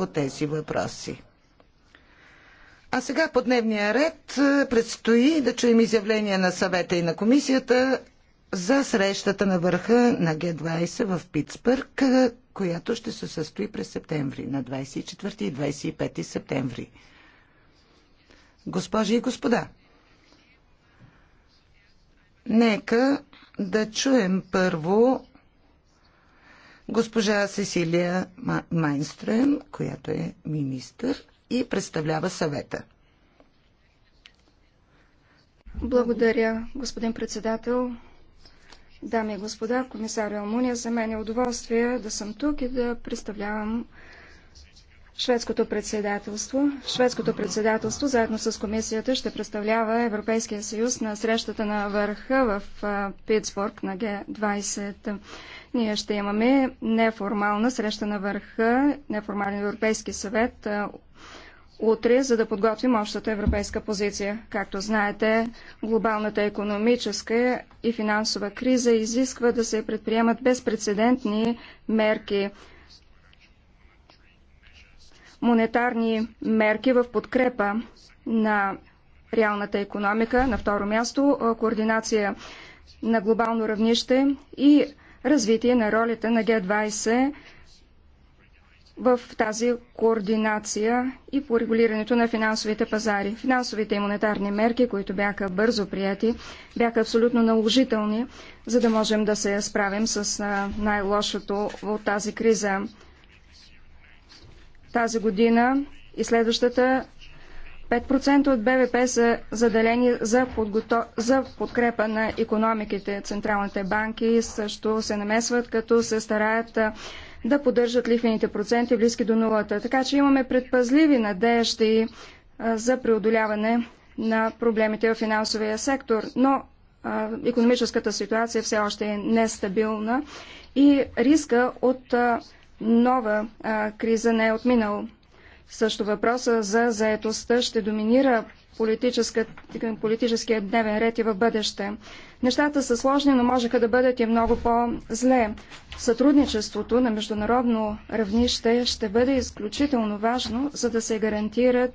по тези въпроси. А сега по дневния ред е, предстои да чуем изявление на съвета и на комисията за срещата на върха на Г-20 в Питсбърг, е, която ще се състои през септември, на 24 и 25 септември. Госпожи и господа, нека да чуем първо госпожа Сесилия Майнстрем, която е министър и представлява съвета. Благодаря, господин председател. Дами и господа, комисар Алмуния, за мен е удоволствие да съм тук и да представлявам шведското председателство. Шведското председателство заедно с комисията ще представлява Европейския съюз на срещата на върха в Питсбург на Г-20. Ние ще имаме неформална среща на върха, неформален Европейски съвет утре, за да подготвим общата европейска позиция. Както знаете, глобалната економическа и финансова криза изисква да се предприемат безпредседентни мерки монетарни мерки в подкрепа на реалната економика. На второ място координация на глобално равнище и развитие на ролята на Г-20 в тази координация и по регулирането на финансовите пазари. Финансовите и монетарни мерки, които бяха бързо прияти, бяха абсолютно наложителни, за да можем да се справим с най-лошото от тази криза. Тази година и следващата 5% от БВП са заделени за, за подкрепа на економиките. Централните банки също се намесват, като се стараят да поддържат лихвените проценти близки до нулата. Така че имаме предпазливи надежди за преодоляване на проблемите в финансовия сектор, но економическата ситуация все още е нестабилна и риска от нова криза не е отминал. Също въпроса за заетостта ще доминира политическия дневен ред и в бъдеще. Нещата са сложни, но можеха да бъдат и много по-зле. Сътрудничеството на международно равнище ще бъде изключително важно, за да се гарантират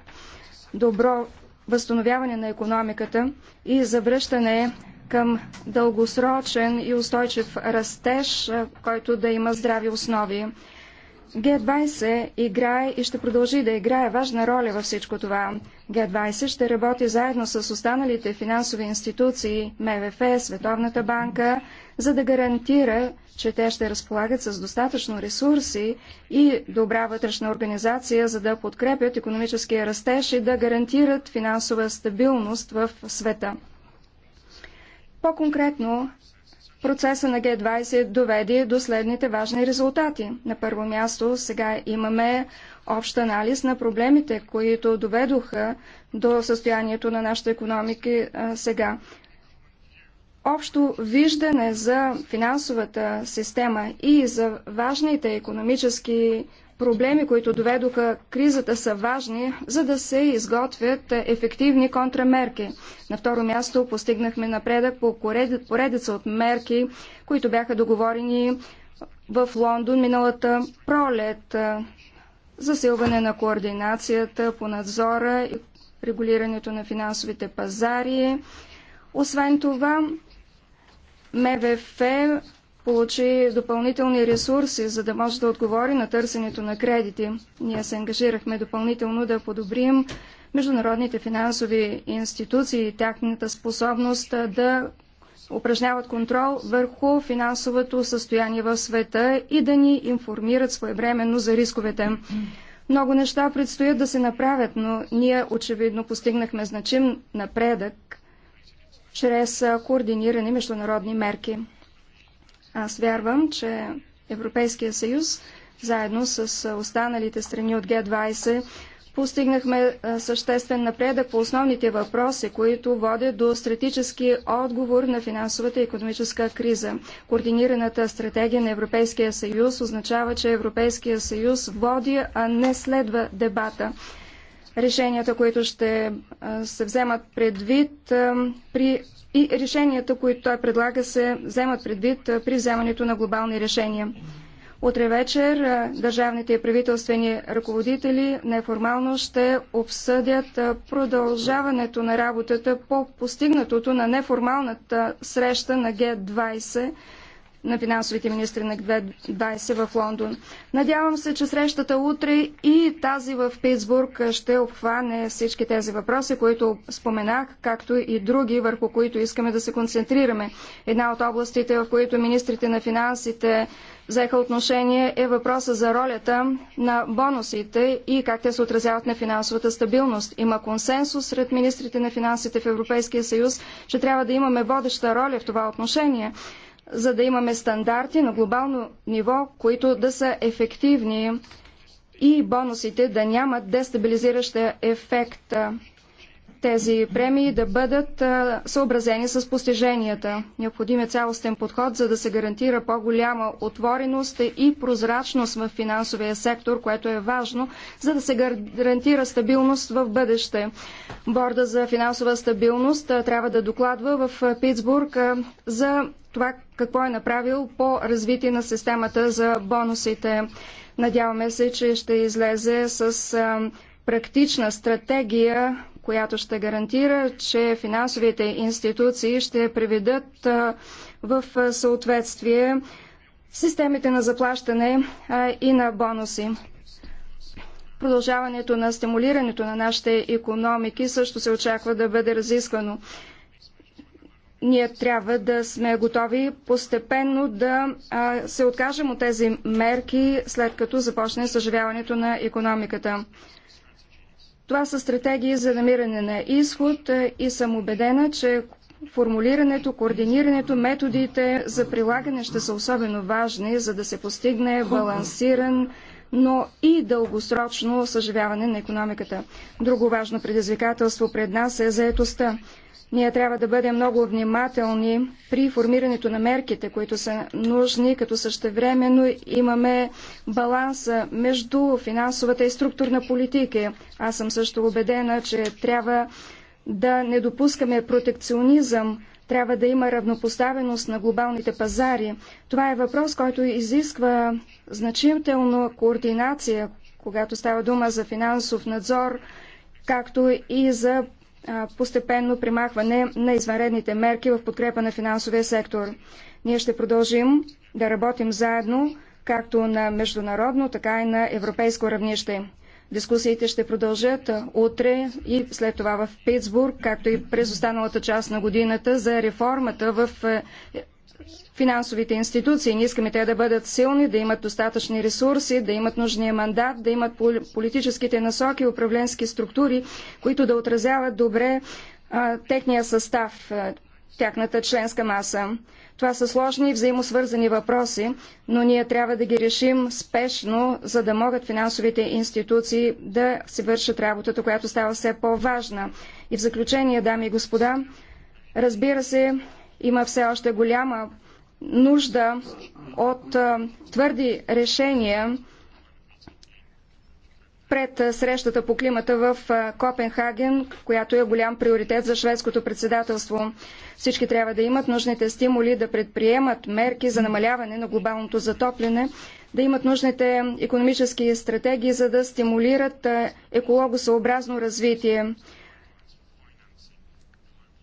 добро възстановяване на економиката и завръщане към дългосрочен и устойчив растеж, който да има здрави основи. Г-20 играе и ще продължи да играе важна роля във всичко това. Г-20 ще работи заедно с останалите финансови институции, МВФ, Световната банка, за да гарантира, че те ще разполагат с достатъчно ресурси и добра вътрешна организация, за да подкрепят економическия растеж и да гарантират финансова стабилност в света. По-конкретно, Процеса на Г-20 доведе до следните важни резултати. На първо място сега имаме общ анализ на проблемите, които доведоха до състоянието на нашата економика сега. Общо виждане за финансовата система и за важните економически проблеми, които доведоха кризата, са важни, за да се изготвят ефективни контрамерки. На второ място постигнахме напредък по поредица от мерки, които бяха договорени в Лондон миналата пролет. Засилване на координацията по надзора и регулирането на финансовите пазари. Освен това, МВФ получи допълнителни ресурси, за да може да отговори на търсенето на кредити. Ние се ангажирахме допълнително да подобрим международните финансови институции и тяхната способност да упражняват контрол върху финансовото състояние в света и да ни информират своевременно за рисковете. Много неща предстоят да се направят, но ние очевидно постигнахме значим напредък чрез координирани международни мерки. Аз вярвам, че Европейския съюз, заедно с останалите страни от Г-20, постигнахме съществен напредък по основните въпроси, които водят до стратегически отговор на финансовата и економическа криза. Координираната стратегия на Европейския съюз означава, че Европейския съюз води, а не следва дебата решенията, които ще се вземат предвид при и решенията, които той предлага, се вземат предвид при вземането на глобални решения. Утре вечер държавните и правителствени ръководители неформално ще обсъдят продължаването на работата по постигнатото на неформалната среща на Г-20 на финансовите министри на 20 в Лондон. Надявам се, че срещата утре и тази в Питсбург ще обхване всички тези въпроси, които споменах, както и други, върху които искаме да се концентрираме. Една от областите, в които министрите на финансите взеха отношение е въпроса за ролята на бонусите и как те се отразяват на финансовата стабилност. Има консенсус сред министрите на финансите в Европейския съюз, че трябва да имаме водеща роля в това отношение за да имаме стандарти на глобално ниво, които да са ефективни и бонусите да нямат дестабилизираща ефект тези премии да бъдат съобразени с постиженията. Необходим е цялостен подход, за да се гарантира по-голяма отвореност и прозрачност в финансовия сектор, което е важно, за да се гарантира стабилност в бъдеще. Борда за финансова стабилност трябва да докладва в Питсбург за това какво е направил по развитие на системата за бонусите. Надяваме се, че ще излезе с практична стратегия която ще гарантира, че финансовите институции ще приведат в съответствие системите на заплащане и на бонуси. Продължаването на стимулирането на нашите економики също се очаква да бъде разисквано. Ние трябва да сме готови постепенно да се откажем от тези мерки, след като започне съживяването на економиката. Това са стратегии за намиране на изход е, и съм убедена, че формулирането, координирането, методите за прилагане ще са особено важни, за да се постигне балансиран, но и дългосрочно съживяване на економиката. Друго важно предизвикателство пред нас е заетостта. Ние трябва да бъдем много внимателни при формирането на мерките, които са нужни, като същевременно имаме баланса между финансовата и структурна политика. Аз съм също убедена, че трябва да не допускаме протекционизъм, трябва да има равнопоставеност на глобалните пазари. Това е въпрос, който изисква значително координация, когато става дума за финансов надзор, както и за постепенно примахване на извънредните мерки в подкрепа на финансовия сектор. Ние ще продължим да работим заедно, както на международно, така и на европейско равнище. Дискусиите ще продължат утре и след това в Питсбург, както и през останалата част на годината за реформата в е, финансовите институции. Ние искаме те да бъдат силни, да имат достатъчни ресурси, да имат нужния мандат, да имат политическите насоки, управленски структури, които да отразяват добре а, техния състав, а, тяхната членска маса. Това са сложни и взаимосвързани въпроси, но ние трябва да ги решим спешно, за да могат финансовите институции да си вършат работата, която става все по-важна. И в заключение, дами и господа, разбира се, има все още голяма нужда от твърди решения пред срещата по климата в Копенхаген, която е голям приоритет за шведското председателство. Всички трябва да имат нужните стимули да предприемат мерки за намаляване на глобалното затопляне, да имат нужните економически стратегии, за да стимулират екологосъобразно развитие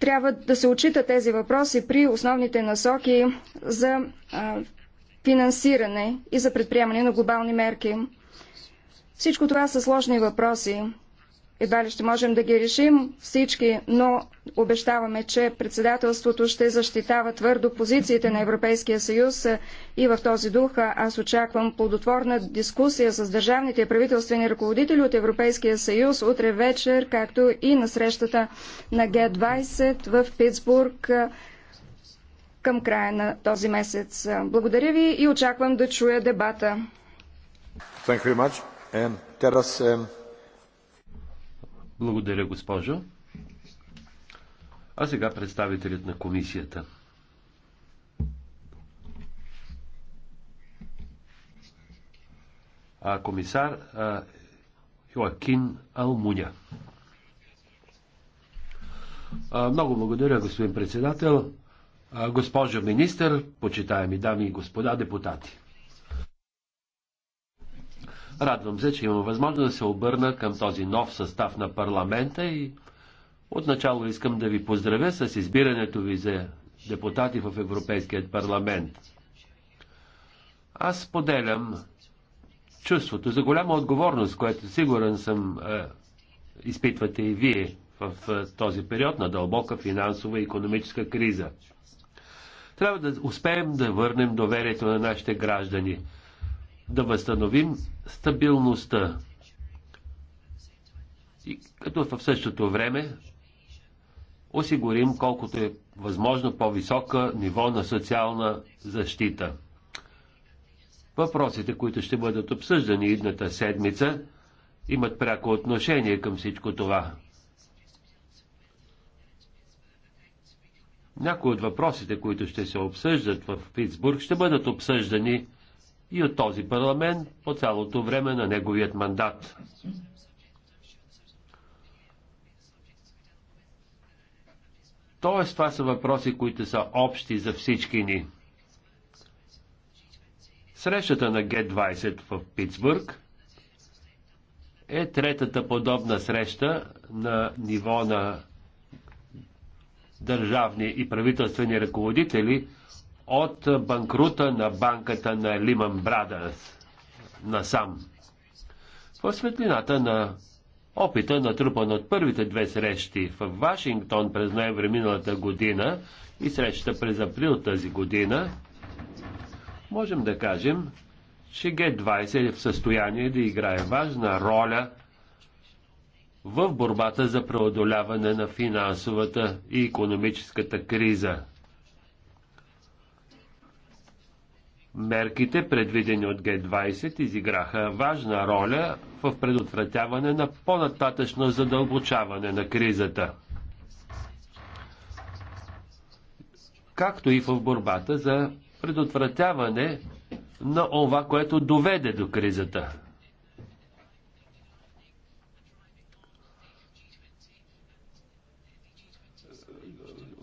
трябва да се отчита тези въпроси при основните насоки за финансиране и за предприемане на глобални мерки. Всичко това са сложни въпроси едва ли ще можем да ги решим всички, но обещаваме, че председателството ще защитава твърдо позициите на Европейския съюз и в този дух аз очаквам плодотворна дискусия с държавните правителствени ръководители от Европейския съюз утре вечер, както и на срещата на Г-20 в Питсбург към края на този месец. Благодаря ви и очаквам да чуя дебата. Thank you very much. And um... Благодаря, госпожо. А сега представителят на комисията. А, комисар а, Йоакин Алмуня. А, много благодаря, господин председател. Госпожо министър, почитаеми дами и господа депутати. Радвам се, че имам възможност да се обърна към този нов състав на парламента и отначало искам да ви поздравя с избирането ви за депутати в Европейският парламент. Аз поделям чувството за голяма отговорност, което сигурен съм е, изпитвате и вие в е, този период на дълбока финансова и економическа криза. Трябва да успеем да върнем доверието на нашите граждани да възстановим стабилността. И като в същото време осигурим колкото е възможно по-висока ниво на социална защита. Въпросите, които ще бъдат обсъждани идната седмица, имат пряко отношение към всичко това. Някои от въпросите, които ще се обсъждат в Питсбург, ще бъдат обсъждани и от този парламент по цялото време на неговият мандат. Тоест, това са въпроси, които са общи за всички ни. Срещата на Г-20 в Питсбург е третата подобна среща на ниво на държавни и правителствени ръководители от банкрута на банката на Лиман Брадърс насам. В светлината на опита, натрупан от първите две срещи в Вашингтон през ноември миналата година и срещата през април тази година, можем да кажем, че Г-20 е в състояние да играе важна роля в борбата за преодоляване на финансовата и економическата криза – Мерките, предвидени от Г-20, изиграха важна роля в предотвратяване на по-нататъчно задълбочаване на кризата, както и в борбата за предотвратяване на това, което доведе до кризата.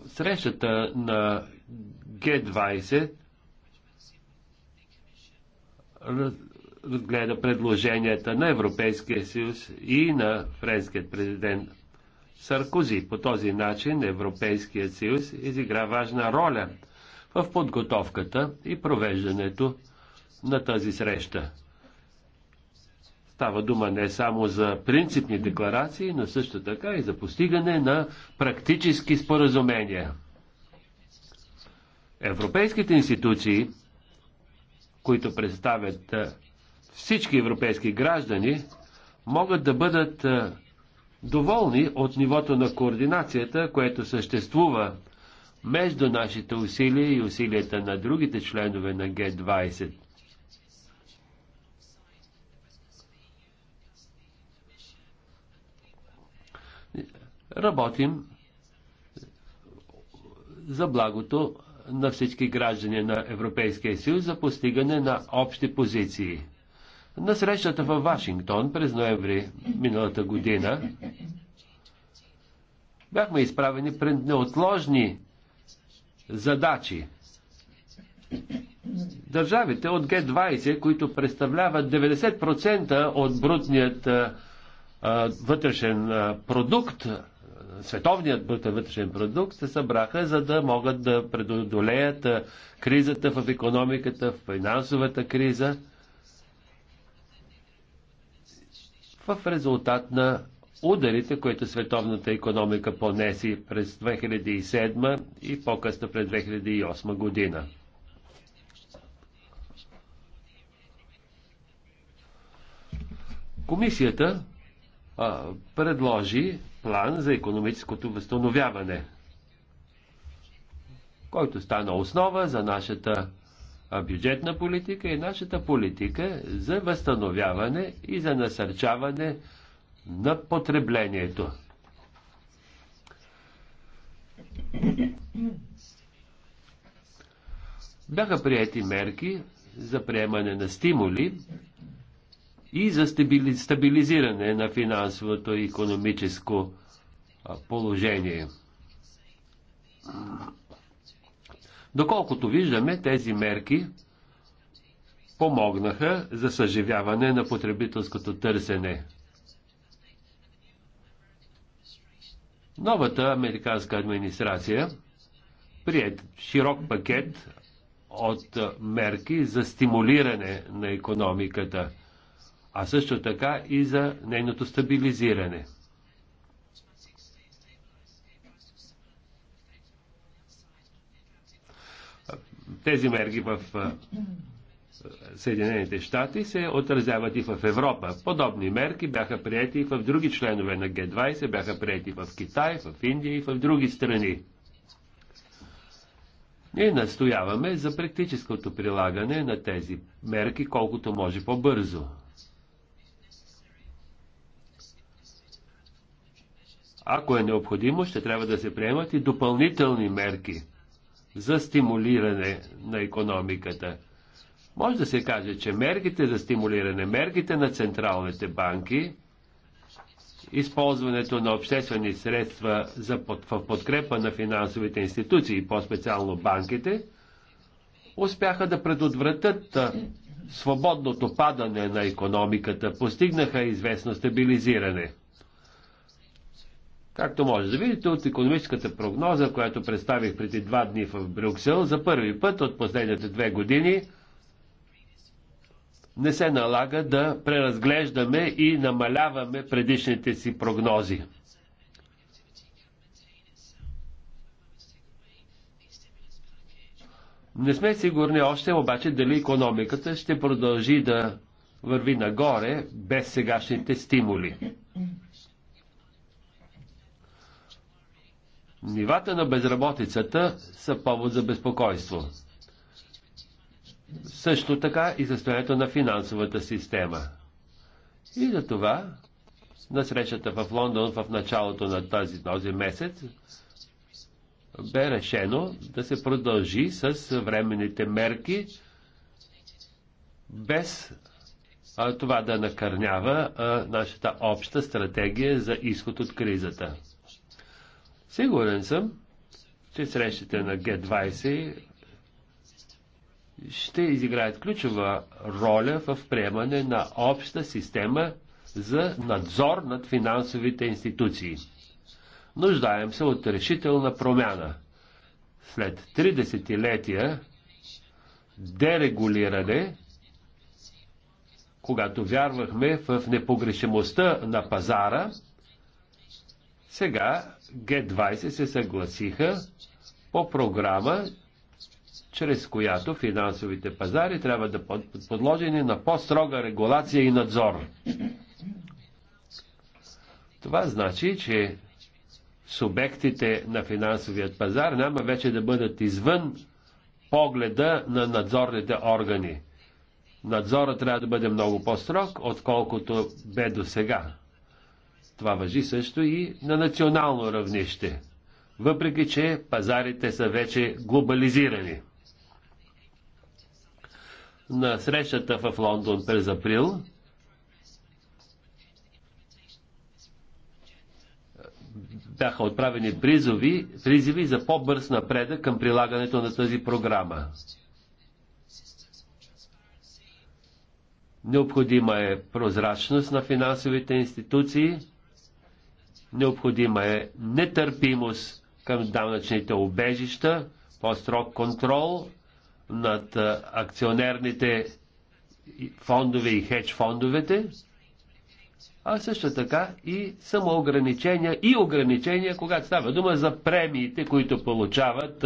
Срещата на Г-20 разгледа предложенията на Европейския съюз и на френският президент Саркози. По този начин Европейският съюз изигра важна роля в подготовката и провеждането на тази среща. Става дума не само за принципни декларации, но също така и за постигане на практически споразумения. Европейските институции които представят всички европейски граждани, могат да бъдат доволни от нивото на координацията, което съществува между нашите усилия и усилията на другите членове на Г-20. Работим за благото на всички граждани на Европейския съюз за постигане на общи позиции. На срещата във Вашингтон през ноември миналата година бяхме изправени пред неотложни задачи. Държавите от Г-20, които представляват 90% от брутният а, вътрешен а, продукт световният брутен вътрешен продукт се събраха, за да могат да предодолеят кризата в економиката, в финансовата криза, в резултат на ударите, които световната економика понеси през 2007 и по-късно през 2008 година. Комисията а, предложи план за економическото възстановяване, който стана основа за нашата бюджетна политика и нашата политика за възстановяване и за насърчаване на потреблението. Бяха приети мерки за приемане на стимули и за стабилизиране на финансовото и економическо положение. Доколкото виждаме, тези мерки помогнаха за съживяване на потребителското търсене. Новата американска администрация прият широк пакет от мерки за стимулиране на економиката а също така и за нейното стабилизиране. Тези мерки в Съединените щати се отразяват и в Европа. Подобни мерки бяха прияти и в други членове на Г-20, бяха прияти в Китай, в Индия и в други страни. Ние настояваме за практическото прилагане на тези мерки колкото може по-бързо. Ако е необходимо, ще трябва да се приемат и допълнителни мерки за стимулиране на економиката. Може да се каже, че мерките за стимулиране, мерките на централните банки, използването на обществени средства за под, в подкрепа на финансовите институции, по-специално банките, успяха да предотвратят свободното падане на економиката, постигнаха известно стабилизиране. Както може да видите от економическата прогноза, която представих преди два дни в Брюксел, за първи път от последните две години не се налага да преразглеждаме и намаляваме предишните си прогнози. Не сме сигурни още обаче дали економиката ще продължи да върви нагоре без сегашните стимули. Нивата на безработицата са повод за безпокойство. Също така и състоянието на финансовата система. И за това на срещата в Лондон в началото на този, този месец бе решено да се продължи с временните мерки, без а, това да накърнява а, нашата обща стратегия за изход от кризата. Сигурен съм, че срещите на Г-20 ще изиграят ключова роля в приемане на обща система за надзор над финансовите институции. Нуждаем се от решителна промяна. След три десетилетия дерегулиране, когато вярвахме в непогрешимостта на пазара, сега г-20 се съгласиха по програма, чрез която финансовите пазари трябва да бъдат подложени на по-строга регулация и надзор. Това значи, че субектите на финансовият пазар няма вече да бъдат извън погледа на надзорните органи. Надзорът трябва да бъде много по-строг, отколкото бе до сега. Това въжи също и на национално равнище, въпреки че пазарите са вече глобализирани. На срещата в Лондон през април бяха отправени призови, призиви за по-бърз напредък към прилагането на тази програма. Необходима е прозрачност на финансовите институции Необходима е нетърпимост към данъчните обежища, по-строг контрол над акционерните фондове и хедж фондовете, а също така и самоограничения и ограничения, когато става дума за премиите, които получават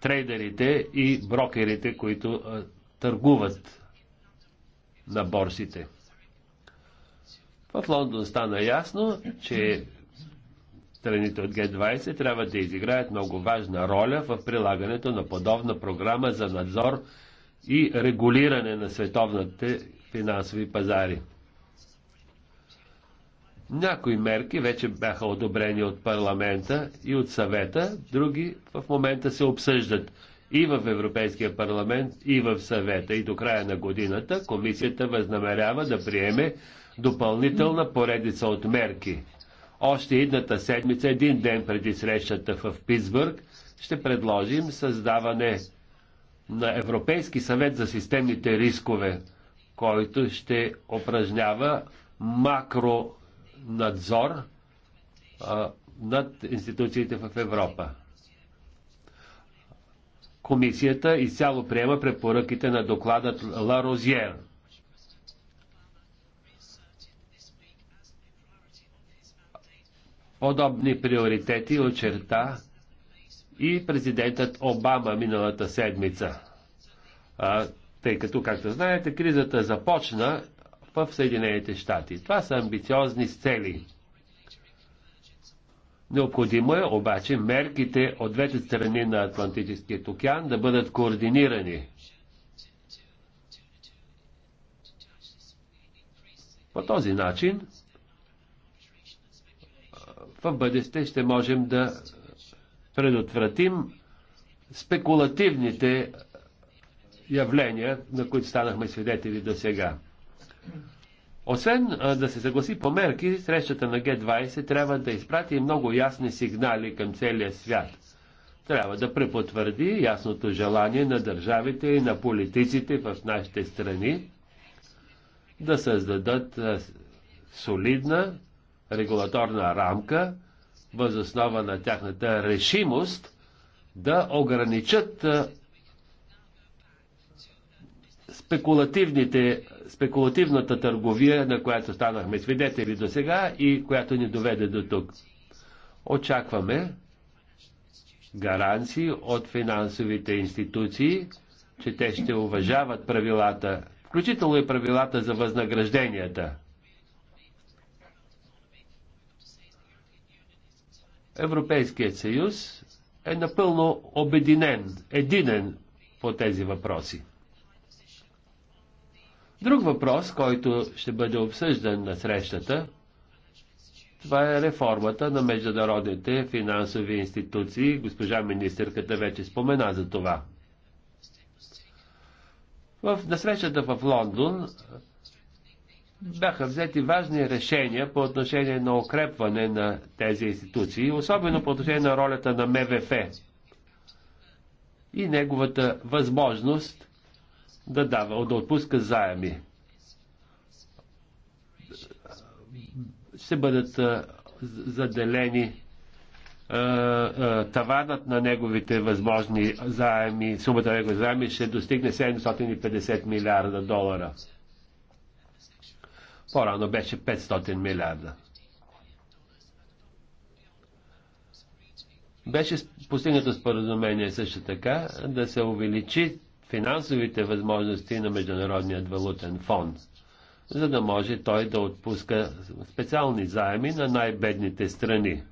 трейдерите и брокерите, които търгуват на борсите. В Лондон стана ясно, че страните от Г-20 трябва да изиграят много важна роля в прилагането на подобна програма за надзор и регулиране на световните финансови пазари. Някои мерки вече бяха одобрени от парламента и от съвета, други в момента се обсъждат и в Европейския парламент, и в съвета. И до края на годината комисията възнамерява да приеме допълнителна поредица от мерки. Още едната седмица, един ден преди срещата в Питсбърг, ще предложим създаване на Европейски съвет за системните рискове, който ще упражнява макронадзор а, над институциите в Европа. Комисията изцяло приема препоръките на докладът Ла Розьер – Подобни приоритети очерта и президентът Обама миналата седмица. А, тъй като, както знаете, кризата започна в Съединените щати. Това са амбициозни цели. Необходимо е обаче мерките от двете страни на Атлантическия океан да бъдат координирани. По този начин в бъдеще ще можем да предотвратим спекулативните явления, на които станахме свидетели до сега. Освен да се съгласи по мерки, срещата на Г-20 трябва да изпрати много ясни сигнали към целия свят. Трябва да препотвърди ясното желание на държавите и на политиците в нашите страни да създадат солидна регулаторна рамка, възоснова на тяхната решимост да ограничат спекулативните, спекулативната търговия, на която станахме свидетели до сега и която ни доведе до тук. Очакваме гаранции от финансовите институции, че те ще уважават правилата, включително и правилата за възнагражденията. Европейският съюз е напълно обединен, единен по тези въпроси. Друг въпрос, който ще бъде обсъждан на срещата, това е реформата на международните финансови институции. Госпожа министърката вече спомена за това. В, насрещата срещата в Лондон бяха взети важни решения по отношение на укрепване на тези институции, особено по отношение на ролята на МВФ и неговата възможност да дава, да отпуска заеми. Ще бъдат заделени таванът на неговите възможни заеми, сумата на неговите заеми ще достигне 750 милиарда долара. По-рано беше 500 милиарда. Беше постигнато споразумение също така да се увеличи финансовите възможности на Международният валутен фонд, за да може той да отпуска специални заеми на най-бедните страни.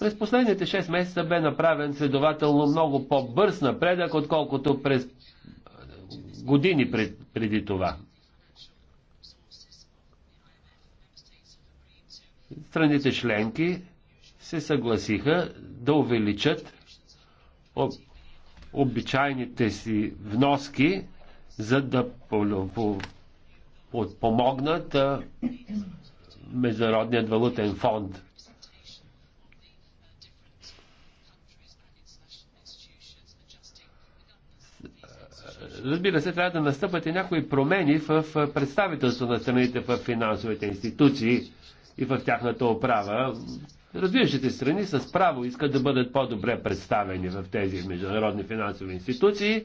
През последните 6 месеца бе направен следователно много по-бърз напредък, отколкото през години пред, преди това. Страните членки се съгласиха да увеличат об, обичайните си вноски, за да по, по, подпомогнат а, Международният валутен фонд. Разбира се, трябва да настъпат и някои промени в представителство на страните в финансовите институции и в тяхната оправа. Развиващите страни с право искат да бъдат по-добре представени в тези международни финансови институции.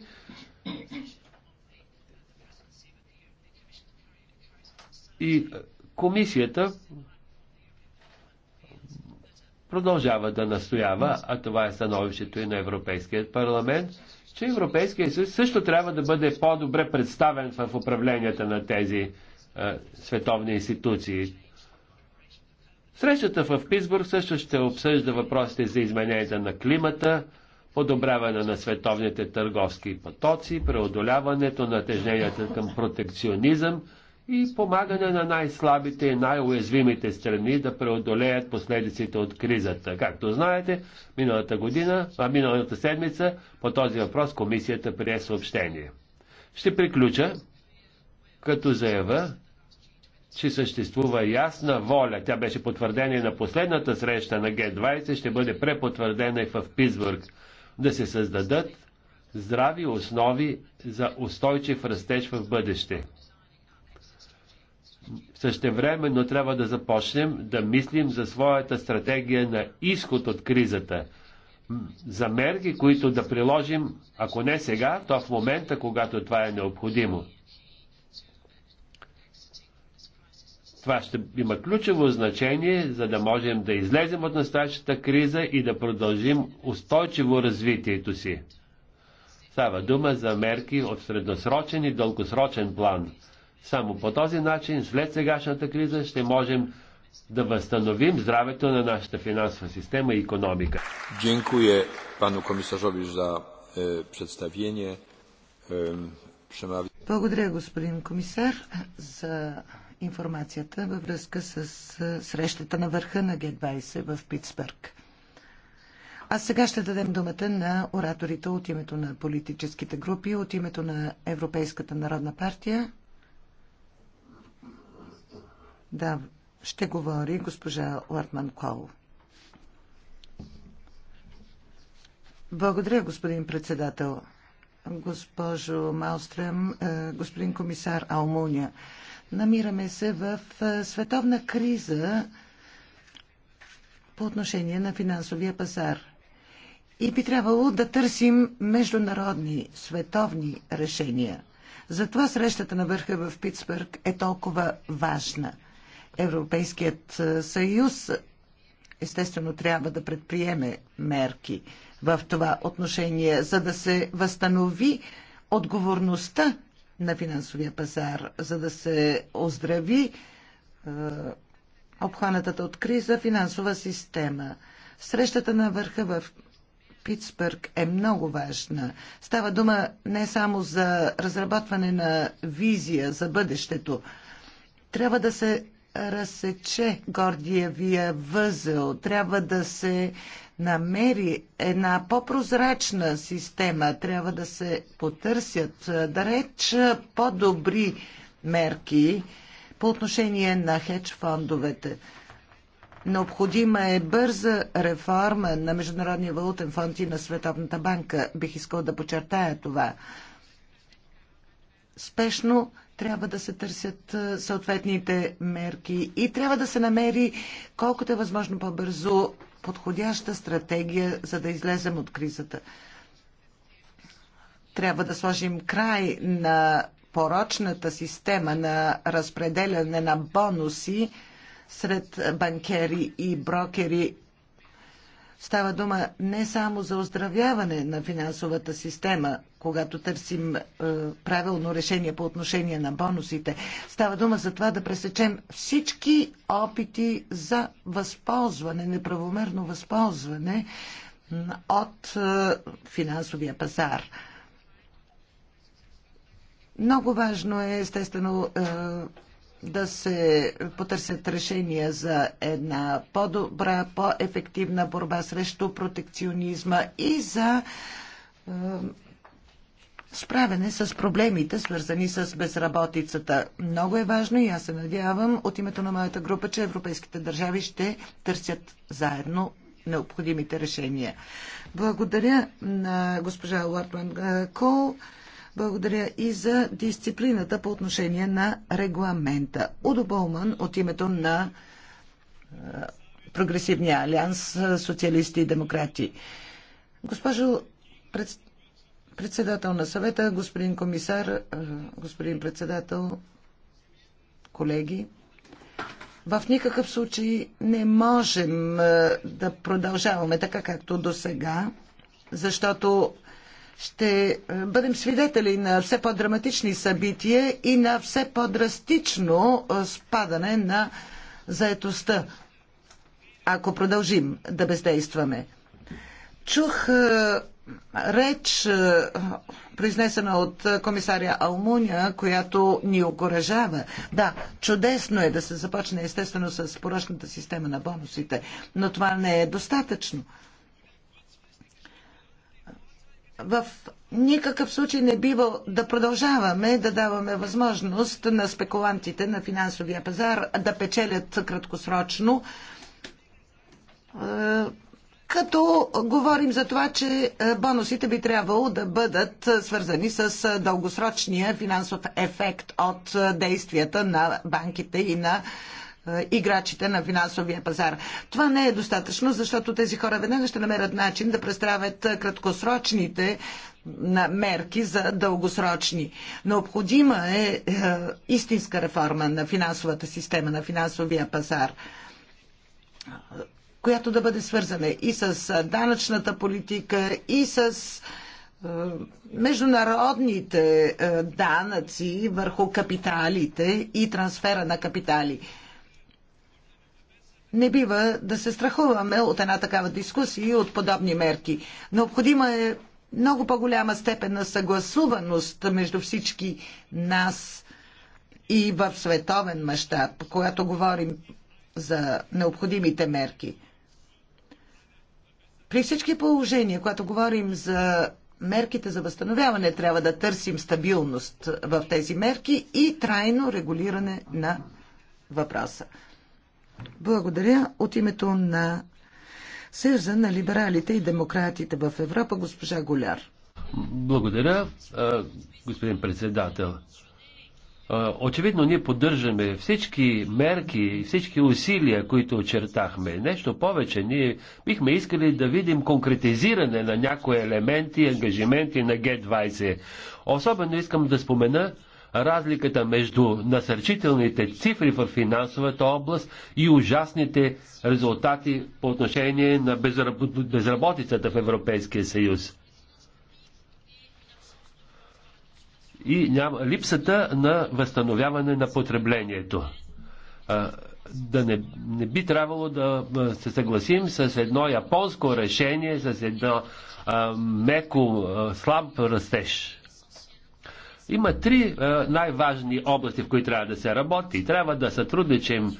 И комисията продължава да настоява, а това е становището и на Европейският парламент, че Европейския съюз също трябва да бъде по-добре представен в управленията на тези а, е, световни институции. Срещата в Питсбург също ще обсъжда въпросите за измененията на климата, подобряване на световните търговски потоци, преодоляването на тежненията към протекционизъм, и помагане на най-слабите и най-уязвимите страни да преодолеят последиците от кризата. Както знаете, миналата година, а миналата седмица по този въпрос комисията прие съобщение. Ще приключа, като заява, че съществува ясна воля. Тя беше потвърдена и на последната среща на Г-20, ще бъде препотвърдена и в Питсбург, да се създадат здрави основи за устойчив растеж в бъдеще. Същевременно трябва да започнем да мислим за своята стратегия на изход от кризата. За мерки, които да приложим, ако не сега, то в момента, когато това е необходимо. Това ще има ключово значение, за да можем да излезем от настоящата криза и да продължим устойчиво развитието си. Става дума за мерки от средносрочен и дългосрочен план – само по този начин, след сегашната криза, ще можем да възстановим здравето на нашата финансова система и економика. за е, komisarzowi Е, премав... E, e, Благодаря, господин комисар, за информацията във връзка с е, срещата на върха на Г-20 в Питсбърг. А сега ще дадем думата на ораторите от името на политическите групи, от името на Европейската народна партия. Да, ще говори госпожа Лартман Кол. Благодаря, господин председател. Госпожо Малстрем, е, господин комисар Алмуня. Намираме се в е, световна криза по отношение на финансовия пазар. И би трябвало да търсим международни, световни решения. Затова срещата на върха в Питсбърг е толкова важна – Европейският е, съюз естествено трябва да предприеме мерки в това отношение, за да се възстанови отговорността на финансовия пазар, за да се оздрави е, обхванатата от криза финансова система. Срещата на върха в Питсбърг е много важна. Става дума не само за разработване на визия за бъдещето. Трябва да се разсече гордиевия възел, трябва да се намери една по-прозрачна система, трябва да се потърсят, да реч, по-добри мерки по отношение на хедж фондовете. Необходима е бърза реформа на Международния валутен фонд и на Световната банка. Бих искал да подчертая това спешно трябва да се търсят е, съответните мерки и трябва да се намери колкото е възможно по-бързо подходяща стратегия, за да излезем от кризата. Трябва да сложим край на порочната система на разпределяне на бонуси сред банкери и брокери Става дума не само за оздравяване на финансовата система, когато търсим е, правилно решение по отношение на бонусите. Става дума за това да пресечем всички опити за възползване, неправомерно възползване от е, финансовия пазар. Много важно е, естествено, е, да се потърсят решения за една по-добра, по-ефективна борба срещу протекционизма и за е, справяне с проблемите, свързани с безработицата. Много е важно и аз се надявам от името на моята група, че европейските държави ще търсят заедно необходимите решения. Благодаря на госпожа Лортман Кол. Благодаря и за дисциплината по отношение на регламента. Удо Болман от името на е, Прогресивния алианс е, Социалисти и Демократи. Госпожо пред... председател на съвета, господин комисар, е, господин председател, колеги, в никакъв случай не можем да продължаваме така както до сега, защото ще е, бъдем свидетели на все по-драматични събития и на все по-драстично е, спадане на заетостта, ако продължим да бездействаме. Чух е, реч, произнесена от комисаря Алмуня, която ни окоръжава. Да, чудесно е да се започне естествено с поръчната система на бонусите, но това не е достатъчно в никакъв случай не бива да продължаваме да даваме възможност на спекулантите на финансовия пазар да печелят краткосрочно, е, като говорим за това, че е, бонусите би трябвало да бъдат свързани с е, дългосрочния финансов ефект от действията на банките и на е, играчите на финансовия пазар. Това не е достатъчно, защото тези хора веднага ще намерят начин да представят е, краткосрочните е, мерки за дългосрочни. Необходима е истинска реформа на финансовата система, на финансовия пазар която да бъде свързана и с данъчната политика, и с международните данъци върху капиталите и трансфера на капитали. Не бива да се страхуваме от една такава дискусия и от подобни мерки. Необходима е много по-голяма степен на съгласуваност между всички нас и в световен мащаб, когато говорим за необходимите мерки. При всички положения, когато говорим за мерките за възстановяване, трябва да търсим стабилност в тези мерки и трайно регулиране на въпроса. Благодаря. От името на Съюза на либералите и демократите в Европа, госпожа Голяр. Благодаря, господин председател. Очевидно ние поддържаме всички мерки, всички усилия, които очертахме. Нещо повече, ние бихме искали да видим конкретизиране на някои елементи, ангажименти на Г-20. Особено искам да спомена разликата между насърчителните цифри в финансовата област и ужасните резултати по отношение на безработицата в Европейския съюз. И няма, липсата на възстановяване на потреблението. А, да не, не би трябвало да се съгласим с едно японско решение, с едно а, меко а, слаб растеж. Има три е, най-важни области, в които трябва да се работи. Трябва да сътрудничим е,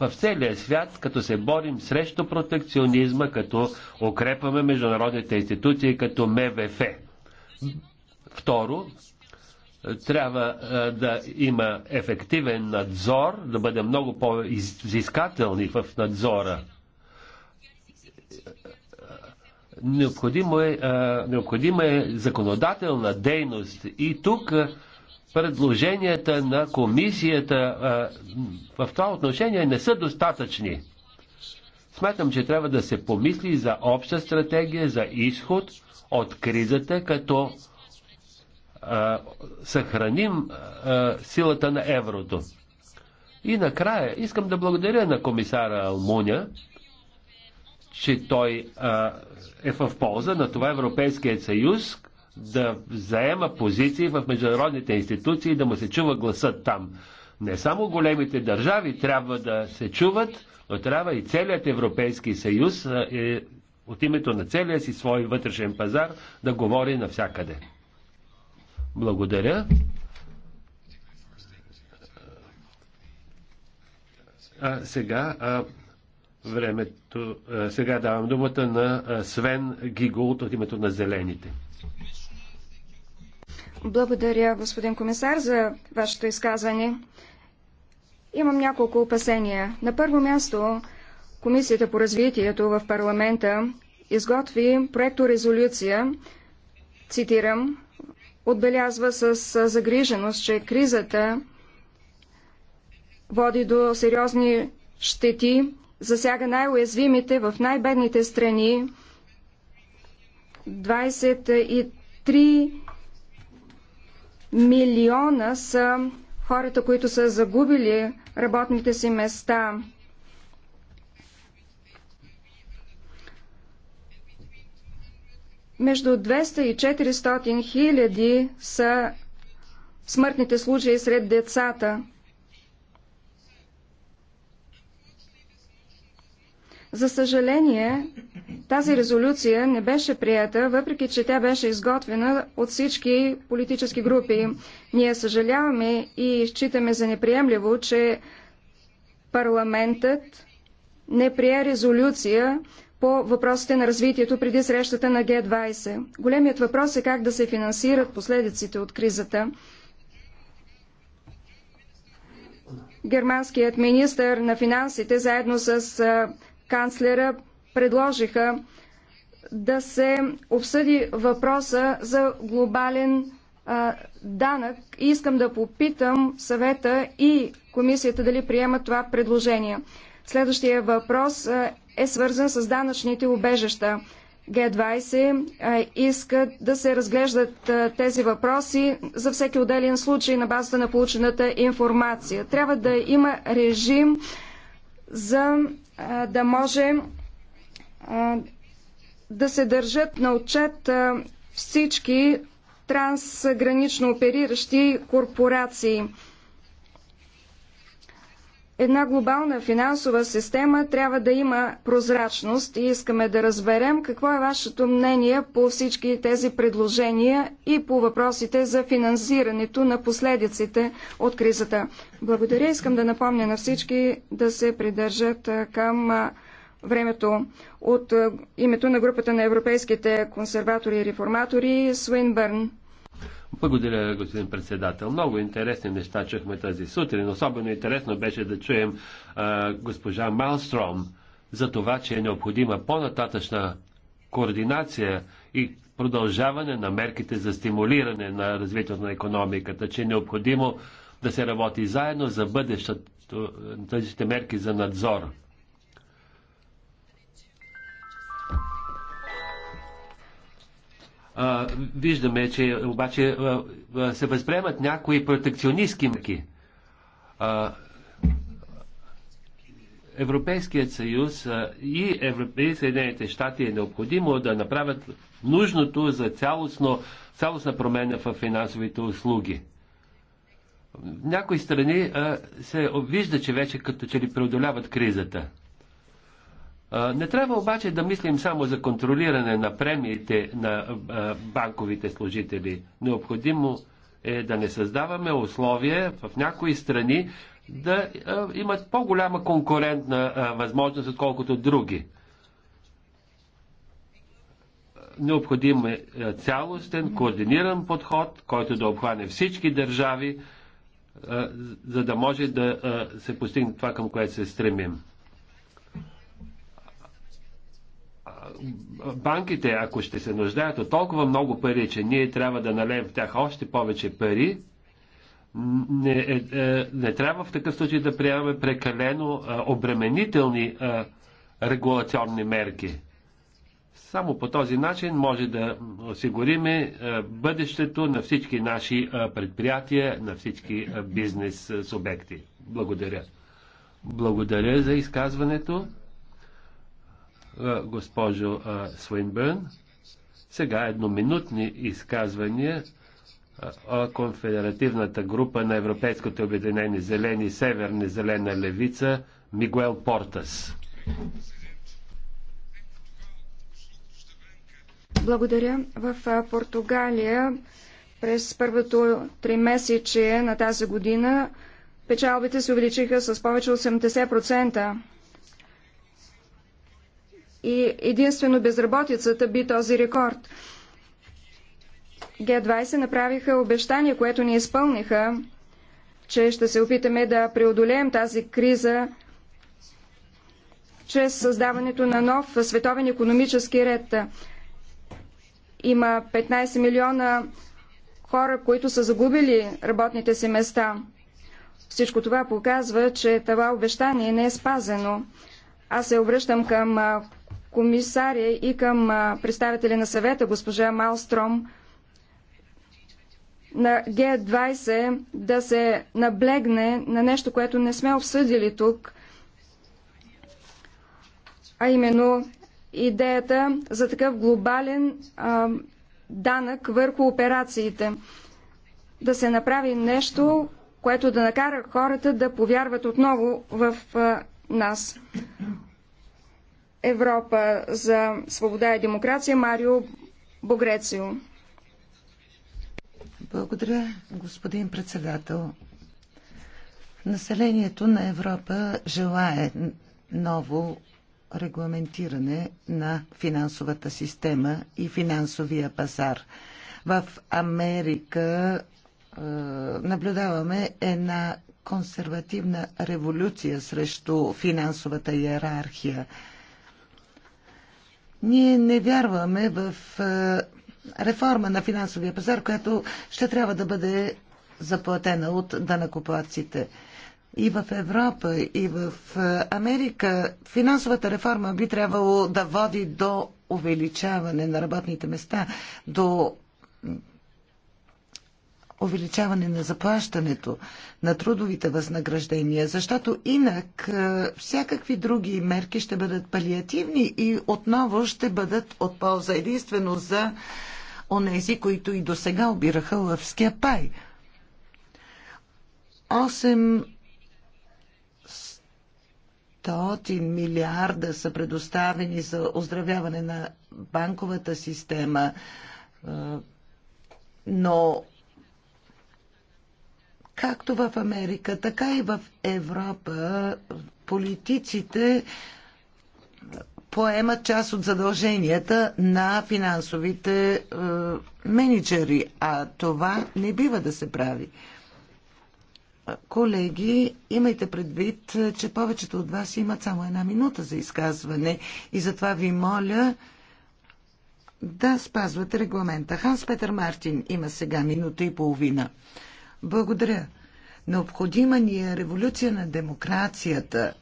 в целия свят, като се борим срещу протекционизма, като укрепваме международните институции, като МВФ. Второ, трябва е, да има ефективен надзор, да бъдем много по-изискателни в надзора. Необходимо е, а, необходима е законодателна дейност и тук предложенията на комисията а, в това отношение не са достатъчни. Смятам, че трябва да се помисли за обща стратегия за изход от кризата, като а, съхраним а, силата на еврото. И накрая искам да благодаря на комисара Алмуня, че той а, е в полза на това Европейският съюз да заема позиции в международните институции и да му се чува гласът там. Не само големите държави трябва да се чуват, но трябва и целият Европейски съюз е, от името на целия си свой вътрешен пазар да говори навсякъде. Благодаря. А, сега а, времето. Е, сега давам думата на е, Свен Гигол от името на Зелените. Благодаря, господин комисар, за вашето изказване. Имам няколко опасения. На първо място, Комисията по развитието в парламента изготви проекторезолюция, цитирам, отбелязва с загриженост, че кризата води до сериозни щети засяга най-уязвимите в най-бедните страни. 23 милиона са хората, които са загубили работните си места. Между 200 и 400 хиляди са смъртните случаи сред децата. За съжаление, тази резолюция не беше прията, въпреки че тя беше изготвена от всички политически групи. Ние съжаляваме и считаме за неприемливо, че парламентът не прие резолюция по въпросите на развитието преди срещата на Г-20. Големият въпрос е как да се финансират последиците от кризата. Германският министр на финансите заедно с канцлера предложиха да се обсъди въпроса за глобален а, данък и искам да попитам съвета и комисията дали приемат това предложение. Следващия въпрос а, е свързан с данъчните убежища. Г-20 иска да се разглеждат а, тези въпроси за всеки отделен случай на базата на получената информация. Трябва да има режим за да може да се държат на отчет всички трансгранично опериращи корпорации една глобална финансова система трябва да има прозрачност и искаме да разберем какво е вашето мнение по всички тези предложения и по въпросите за финансирането на последиците от кризата. Благодаря. Искам да напомня на всички да се придържат към времето от името на групата на европейските консерватори и реформатори Свинбърн. Благодаря, господин председател. Много интересни неща чухме тази сутрин. Особено интересно беше да чуем а, госпожа Малстром за това, че е необходима по-нататъчна координация и продължаване на мерките за стимулиране на развитието на економиката, че е необходимо да се работи заедно за бъдещето, тези мерки за надзор. А, виждаме, че е, обаче а, е, а, е, се възприемат някои протекционистки мерки. Европейският съюз и, Европ... и Съединените щати е необходимо да направят нужното за цялостно, цялостна промена в финансовите услуги. В някои страни се вижда, че вече като че ли преодоляват кризата. Не трябва обаче да мислим само за контролиране на премиите на банковите служители. Необходимо е да не създаваме условия в някои страни да имат по-голяма конкурентна възможност, отколкото други. Необходим е цялостен, координиран подход, който да обхване всички държави, за да може да се постигне това, към което се стремим. банките, ако ще се нуждаят от толкова много пари, че ние трябва да налеем в тях още повече пари, не, е, е не трябва в такъв случай да приемаме прекалено е, обременителни е, регулационни мерки. Само по този начин може да осигуриме е, бъдещето на всички наши е, предприятия, на всички бизнес субекти. Благодаря. Благодаря за изказването госпожо Свинбърн. Сега едноминутни изказвания конфедеративната група на Европейското обединение Зелени, Северни Зелена левица Мигуел Портас. Благодаря. В Португалия през първото три месече на тази година печалбите се увеличиха с повече от 80% и единствено безработицата би този рекорд. Г-20 направиха обещание, което ни изпълниха, че ще се опитаме да преодолеем тази криза чрез създаването на нов световен економически ред. Има 15 милиона хора, които са загубили работните си места. Всичко това показва, че това обещание не е спазено. Аз се обръщам към комисаря и към представители на съвета, госпожа Малстром, на Г20 да се наблегне на нещо, което не сме обсъдили тук, а именно идеята за такъв глобален а, данък върху операциите. Да се направи нещо, което да накара хората да повярват отново в а, нас. Европа за свобода и демокрация Марио Богрецио. Благодаря, господин председател. Населението на Европа желае ново регламентиране на финансовата система и финансовия пазар. В Америка е, наблюдаваме една консервативна революция срещу финансовата иерархия. Ние не вярваме в е, реформа на финансовия пазар, която ще трябва да бъде заплатена от данакоплаците. И в Европа, и в е, Америка финансовата реформа би трябвало да води до увеличаване на работните места, до увеличаване на заплащането на трудовите възнаграждения, защото инак е, всякакви други мерки ще бъдат палиативни и отново ще бъдат от полза единствено за онези, които и до сега обираха лъвския пай. 800 милиарда са предоставени за оздравяване на банковата система, е, но Както в Америка, така и в Европа политиците поемат част от задълженията на финансовите е, менеджери, а това не бива да се прави. Колеги, имайте предвид, че повечето от вас имат само една минута за изказване и затова ви моля да спазвате регламента. Ханс Петър Мартин има сега минута и половина. Благодаря. Необходима ни е революция на демокрацията.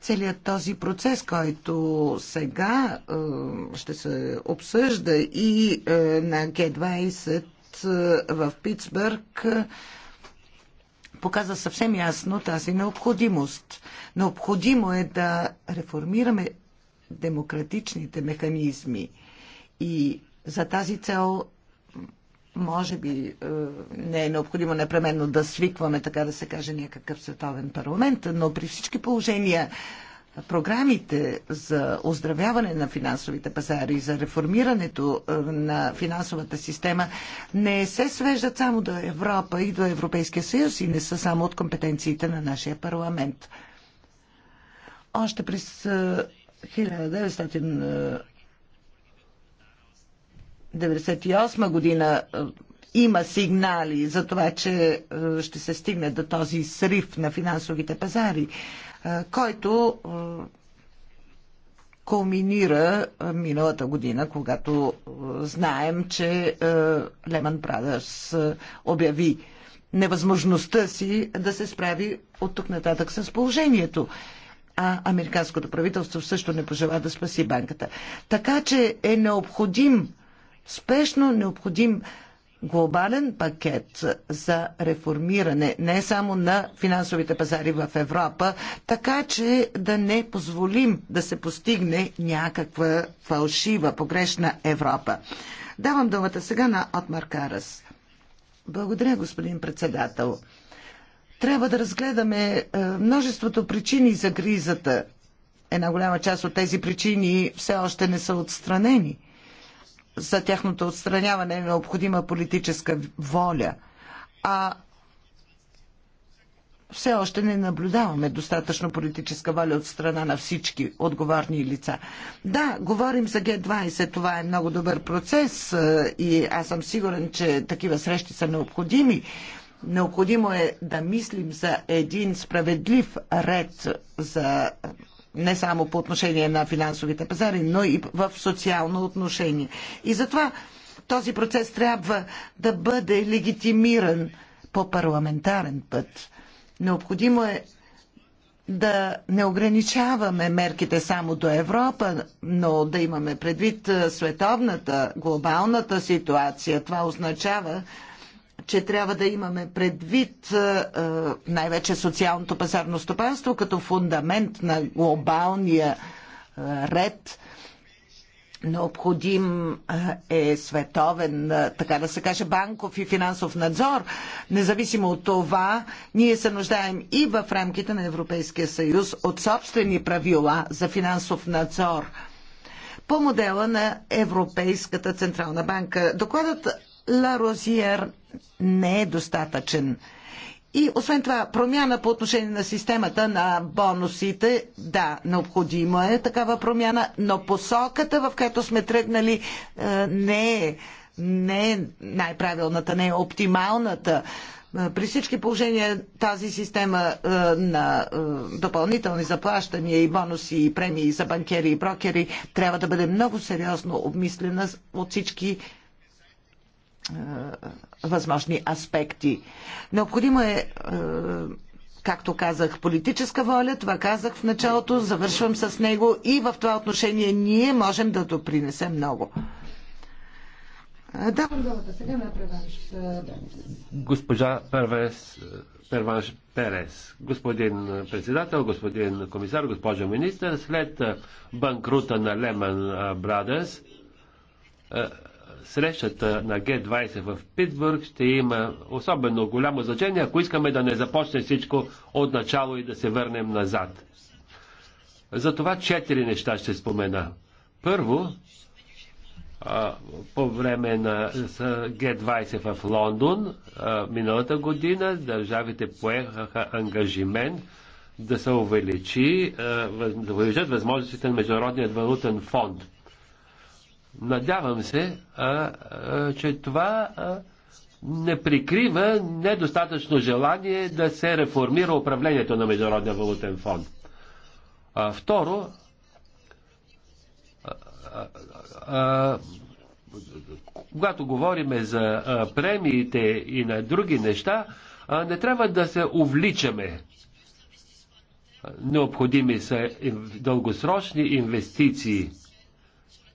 Целият този процес, който сега е, ще се обсъжда и е, на Г-20 е, в Питсбърг, е, показа съвсем ясно тази необходимост. Необходимо е да реформираме демократичните механизми. И за тази цел може би е, не е необходимо непременно да свикваме, така да се каже, някакъв световен парламент, но при всички положения програмите за оздравяване на финансовите пазари, за реформирането е, на финансовата система не се свеждат само до Европа и до Европейския съюз и не са само от компетенциите на нашия парламент. Още през 1900 е, 1998 година е, има сигнали за това, че е, ще се стигне до този срив на финансовите пазари, е, който кулминира миналата година, когато знаем, че Леман Брадърс обяви невъзможността си да се справи от тук нататък с положението. А американското правителство също не пожела да спаси банката. Така че е необходим спешно необходим глобален пакет за реформиране не само на финансовите пазари в Европа, така че да не позволим да се постигне някаква фалшива, погрешна Европа. Давам думата сега на Отмар Карас. Благодаря, господин председател. Трябва да разгледаме е, множеството причини за кризата. Една голяма част от тези причини все още не са отстранени за тяхното отстраняване е необходима политическа воля. А все още не наблюдаваме достатъчно политическа воля от страна на всички отговорни лица. Да, говорим за Г-20, това е много добър процес и аз съм сигурен, че такива срещи са необходими. Необходимо е да мислим за един справедлив ред за не само по отношение на финансовите пазари, но и в социално отношение. И затова този процес трябва да бъде легитимиран по парламентарен път. Необходимо е да не ограничаваме мерките само до Европа, но да имаме предвид световната, глобалната ситуация. Това означава че трябва да имаме предвид е, е, най-вече социалното пазарно стопанство като фундамент на глобалния е, ред. Необходим е световен, така да се каже, банков и финансов надзор. Независимо от това, ние се нуждаем и в рамките на Европейския съюз от собствени правила за финансов надзор по модела на Европейската Централна банка. Докладът Ларозиер не е достатъчен. И освен това, промяна по отношение на системата на бонусите, да, необходима е такава промяна, но посоката, в която сме тръгнали, е, не е, не е най-правилната, не е оптималната. Е, при всички положения тази система е, на допълнителни заплащания и бонуси и премии за банкери и брокери трябва да бъде много сериозно обмислена от всички е, възможни аспекти. Необходимо е, е, както казах, политическа воля, това казах в началото, завършвам с него и в това отношение ние можем да допринесем много. Е, да, сега на Преванш Госпожа Первес, Перванш Перес, господин председател, господин комисар, госпожа министър, след банкрута на Леман Брадърс, срещата на Г-20 в Питбърг ще има особено голямо значение, ако искаме да не започне всичко от начало и да се върнем назад. За това четири неща ще спомена. Първо, по време на Г-20 в Лондон миналата година държавите поехаха ангажимент да се увеличи, да увеличат възможностите на Международният валутен фонд. Надявам се, а, а, че това а, не прикрива недостатъчно желание да се реформира управлението на Международния валутен фонд. А, второ, а, а, когато говорим за премиите и на други неща, не трябва да се увличаме. Необходими са дългосрочни инвестиции –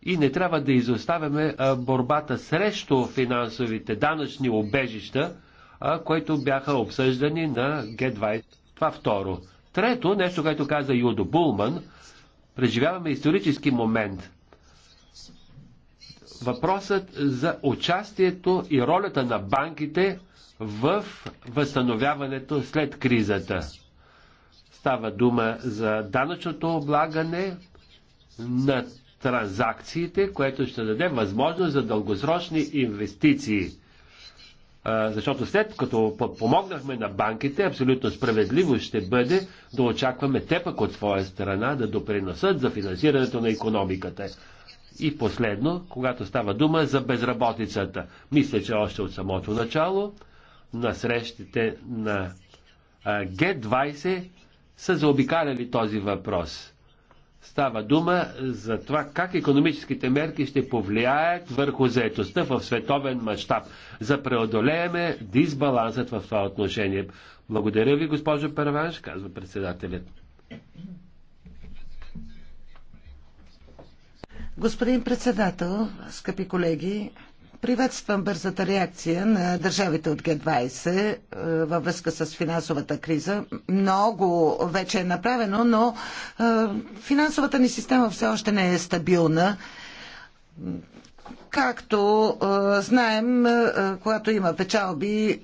и не трябва да изоставяме борбата срещу финансовите данъчни обежища, които бяха обсъждани на Г20. Това второ. Трето, нещо, което каза Юдо Булман, преживяваме исторически момент. Въпросът за участието и ролята на банките в възстановяването след кризата. Става дума за данъчното облагане на транзакциите, което ще даде възможност за дългосрочни инвестиции. Защото след като помогнахме на банките, абсолютно справедливо ще бъде да очакваме те пък от своя страна да допринесат за финансирането на економиката. И последно, когато става дума за безработицата. Мисля, че още от самото начало на срещите на Г20 са заобикаляли този въпрос. Става дума за това как економическите мерки ще повлияят върху заетостта в световен мащаб, за преодолееме дисбалансът в това отношение. Благодаря ви, госпожо Първанш, казва председателят. Господин председател, скъпи колеги, Приветствам бързата реакция на държавите от Г20 е, във връзка с финансовата криза. Много вече е направено, но е, финансовата ни система все още не е стабилна. Както е, знаем, когато има печалби,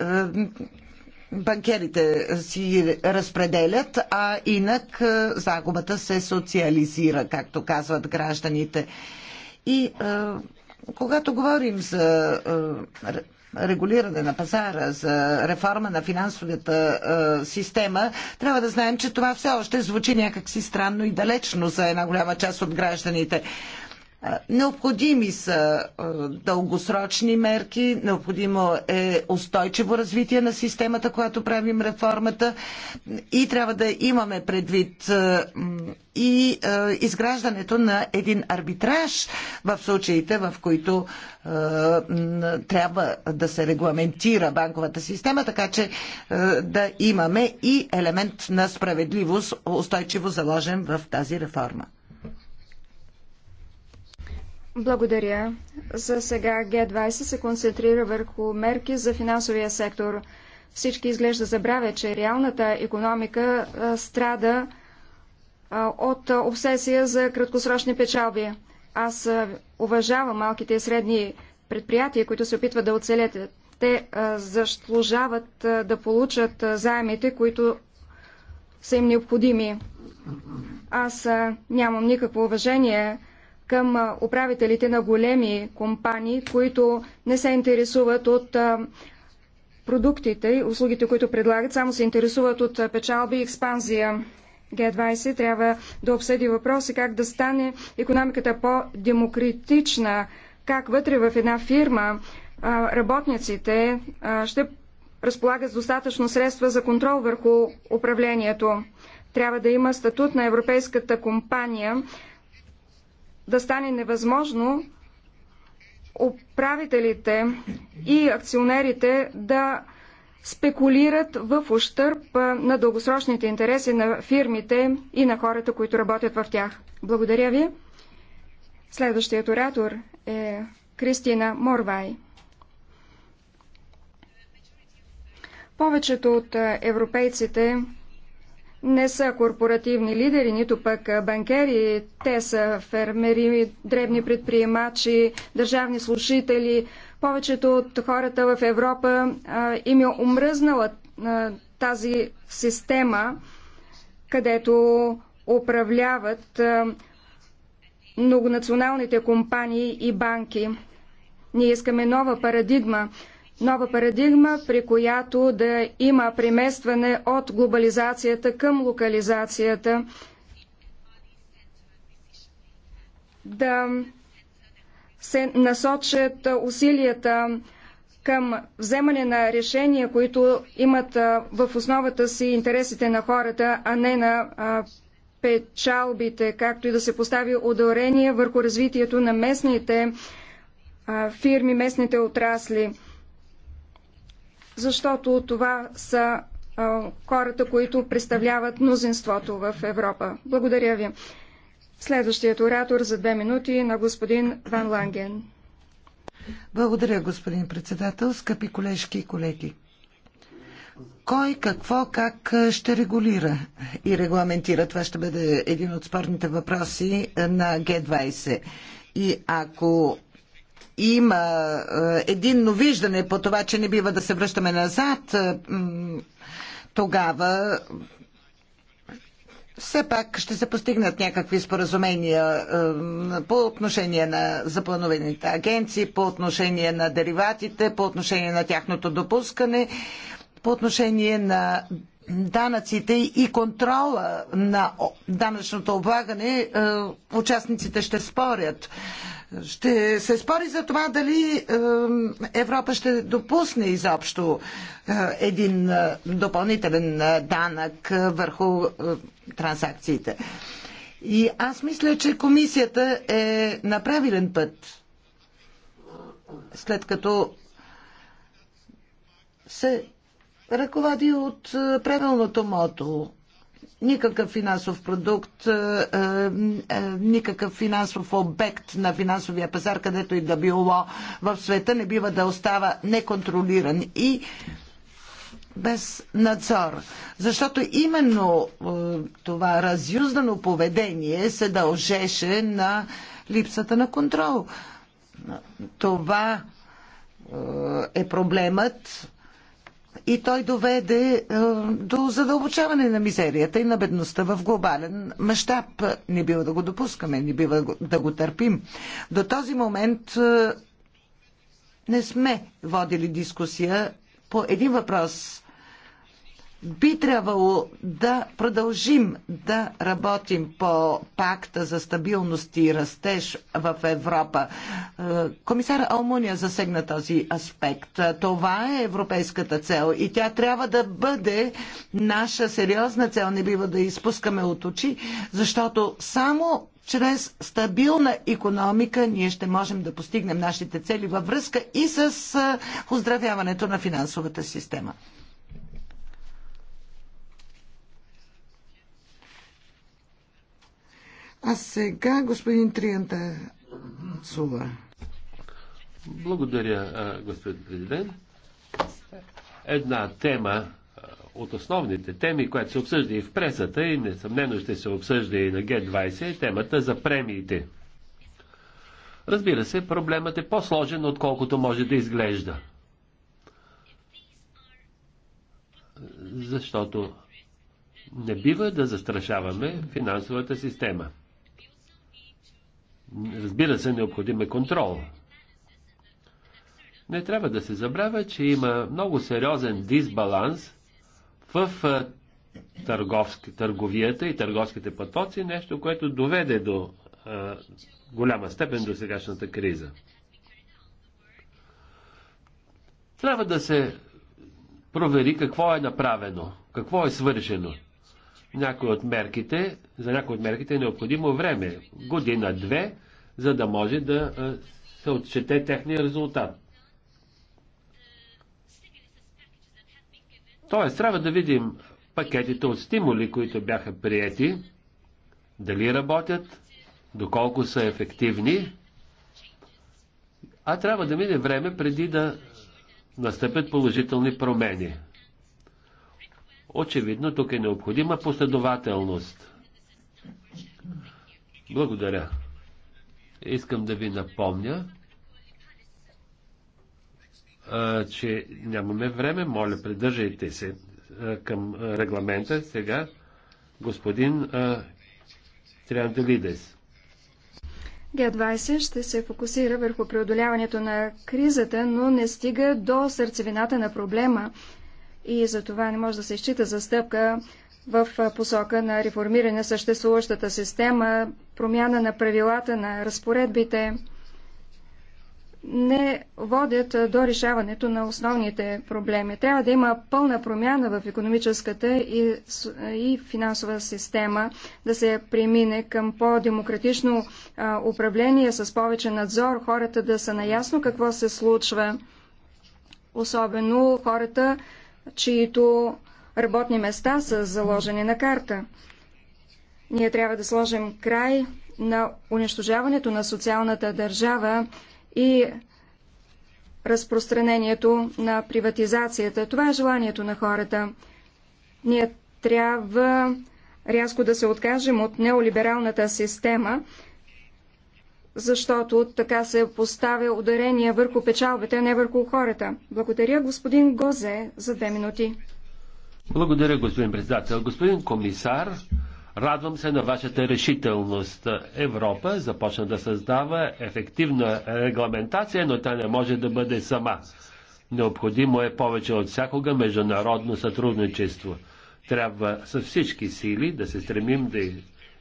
банкерите си разпределят, а инак загубата се социализира, както казват гражданите. И когато говорим за е, регулиране на пазара, за реформа на финансовата е, система, трябва да знаем, че това все още звучи някакси странно и далечно за една голяма част от гражданите. Необходими са дългосрочни мерки, необходимо е устойчиво развитие на системата, която правим реформата и трябва да имаме предвид и изграждането на един арбитраж в случаите, в които трябва да се регламентира банковата система, така че да имаме и елемент на справедливост, устойчиво заложен в тази реформа. Благодаря. За сега Г20 се концентрира върху мерки за финансовия сектор. Всички изглежда забравя, че реалната економика страда от обсесия за краткосрочни печалби. Аз уважавам малките и средни предприятия, които се опитват да оцелят. Те заслужават да получат заемите, които са им необходими. Аз нямам никакво уважение към управителите на големи компании, които не се интересуват от продуктите и услугите, които предлагат, само се интересуват от печалби и експанзия. Г-20 трябва да обсъди въпроси как да стане економиката по-демократична, как вътре в една фирма работниците ще разполагат с достатъчно средства за контрол върху управлението. Трябва да има статут на европейската компания, да стане невъзможно управителите и акционерите да спекулират в ущърп на дългосрочните интереси на фирмите и на хората, които работят в тях. Благодаря ви. Следващият оратор е Кристина Морвай. Повечето от европейците не са корпоративни лидери, нито пък банкери. Те са фермери, дребни предприемачи, държавни служители. Повечето от хората в Европа а, им е омръзнала а, тази система, където управляват а, многонационалните компании и банки. Ние искаме нова парадигма, нова парадигма, при която да има преместване от глобализацията към локализацията, да се насочат усилията към вземане на решения, които имат в основата си интересите на хората, а не на печалбите, както и да се постави ударение върху развитието на местните фирми, местните отрасли защото това са хората, които представляват мнозинството в Европа. Благодаря ви. Следващият оратор за две минути е на господин Ван Ланген. Благодаря, господин председател, скъпи колежки и колеги. Кой, какво, как ще регулира и регламентира? Това ще бъде един от спорните въпроси на Г20. И ако има е, единно виждане по това, че не бива да се връщаме назад, е, тогава все пак ще се постигнат някакви споразумения е, по отношение на заплановените агенции, по отношение на дериватите, по отношение на тяхното допускане, по отношение на данъците и контрола на данъчното облагане, участниците ще спорят. Ще се спори за това дали Европа ще допусне изобщо е, един е, допълнителен е, данък върху транзакциите. И аз мисля, че комисията е на правилен път, след като се ръководи от правилното мото никакъв финансов продукт, е, е, е, никакъв финансов обект на финансовия пазар, където и да било в света, не бива да остава неконтролиран и без надзор. Защото именно това разюздано поведение се дължеше на липсата на контрол. Това е проблемът и той доведе е, до задълбочаване на мизерията и на бедността в глобален мащаб. Не бива да го допускаме, не бива да го търпим. До този момент е, не сме водили дискусия по един въпрос би трябвало да продължим да работим по пакта за стабилност и растеж в Европа. Е, комисар Алмуния засегна този аспект. Това е европейската цел и тя трябва да бъде наша сериозна цел. Не бива да изпускаме от очи, защото само чрез стабилна економика ние ще можем да постигнем нашите цели във връзка и с е, оздравяването на финансовата система. А сега господин Трианта Сула. Благодаря, господин президент. Една тема от основните теми, която се обсъжда и в пресата и несъмнено ще се обсъжда и на Г-20, е темата за премиите. Разбира се, проблемът е по-сложен, отколкото може да изглежда. Защото не бива да застрашаваме финансовата система. Разбира се, необходим е контрол. Не трябва да се забравя, че има много сериозен дисбаланс в търговски, търговията и търговските потоци, нещо, което доведе до а, голяма степен до сегашната криза. Трябва да се провери какво е направено, какво е свършено. Някои от мерките, за някои от мерките е необходимо време, година-две, за да може да се отчете техния резултат. Тоест, трябва да видим пакетите от стимули, които бяха приети, дали работят, доколко са ефективни, а трябва да мине време преди да настъпят положителни промени. Очевидно, тук е необходима последователност. Благодаря. Искам да ви напомня, че нямаме време. Моля, придържайте се към регламента. Сега господин Триантелидес. Г-20 ще се фокусира върху преодоляването на кризата, но не стига до сърцевината на проблема и за това не може да се изчита за стъпка в посока на реформиране на съществуващата система, промяна на правилата, на разпоредбите не водят до решаването на основните проблеми. Трябва да има пълна промяна в економическата и, и финансова система, да се премине към по-демократично управление с повече надзор, хората да са наясно какво се случва, особено хората, чието работни места са заложени на карта. Ние трябва да сложим край на унищожаването на социалната държава и разпространението на приватизацията. Това е желанието на хората. Ние трябва рязко да се откажем от неолибералната система, защото така се поставя ударение върху печалбите, а не върху хората. Благодаря господин Гозе за две минути. Благодаря, господин председател. Господин комисар, радвам се на вашата решителност. Европа започна да създава ефективна регламентация, но тя не може да бъде сама. Необходимо е повече от всякога международно сътрудничество. Трябва с всички сили да се стремим да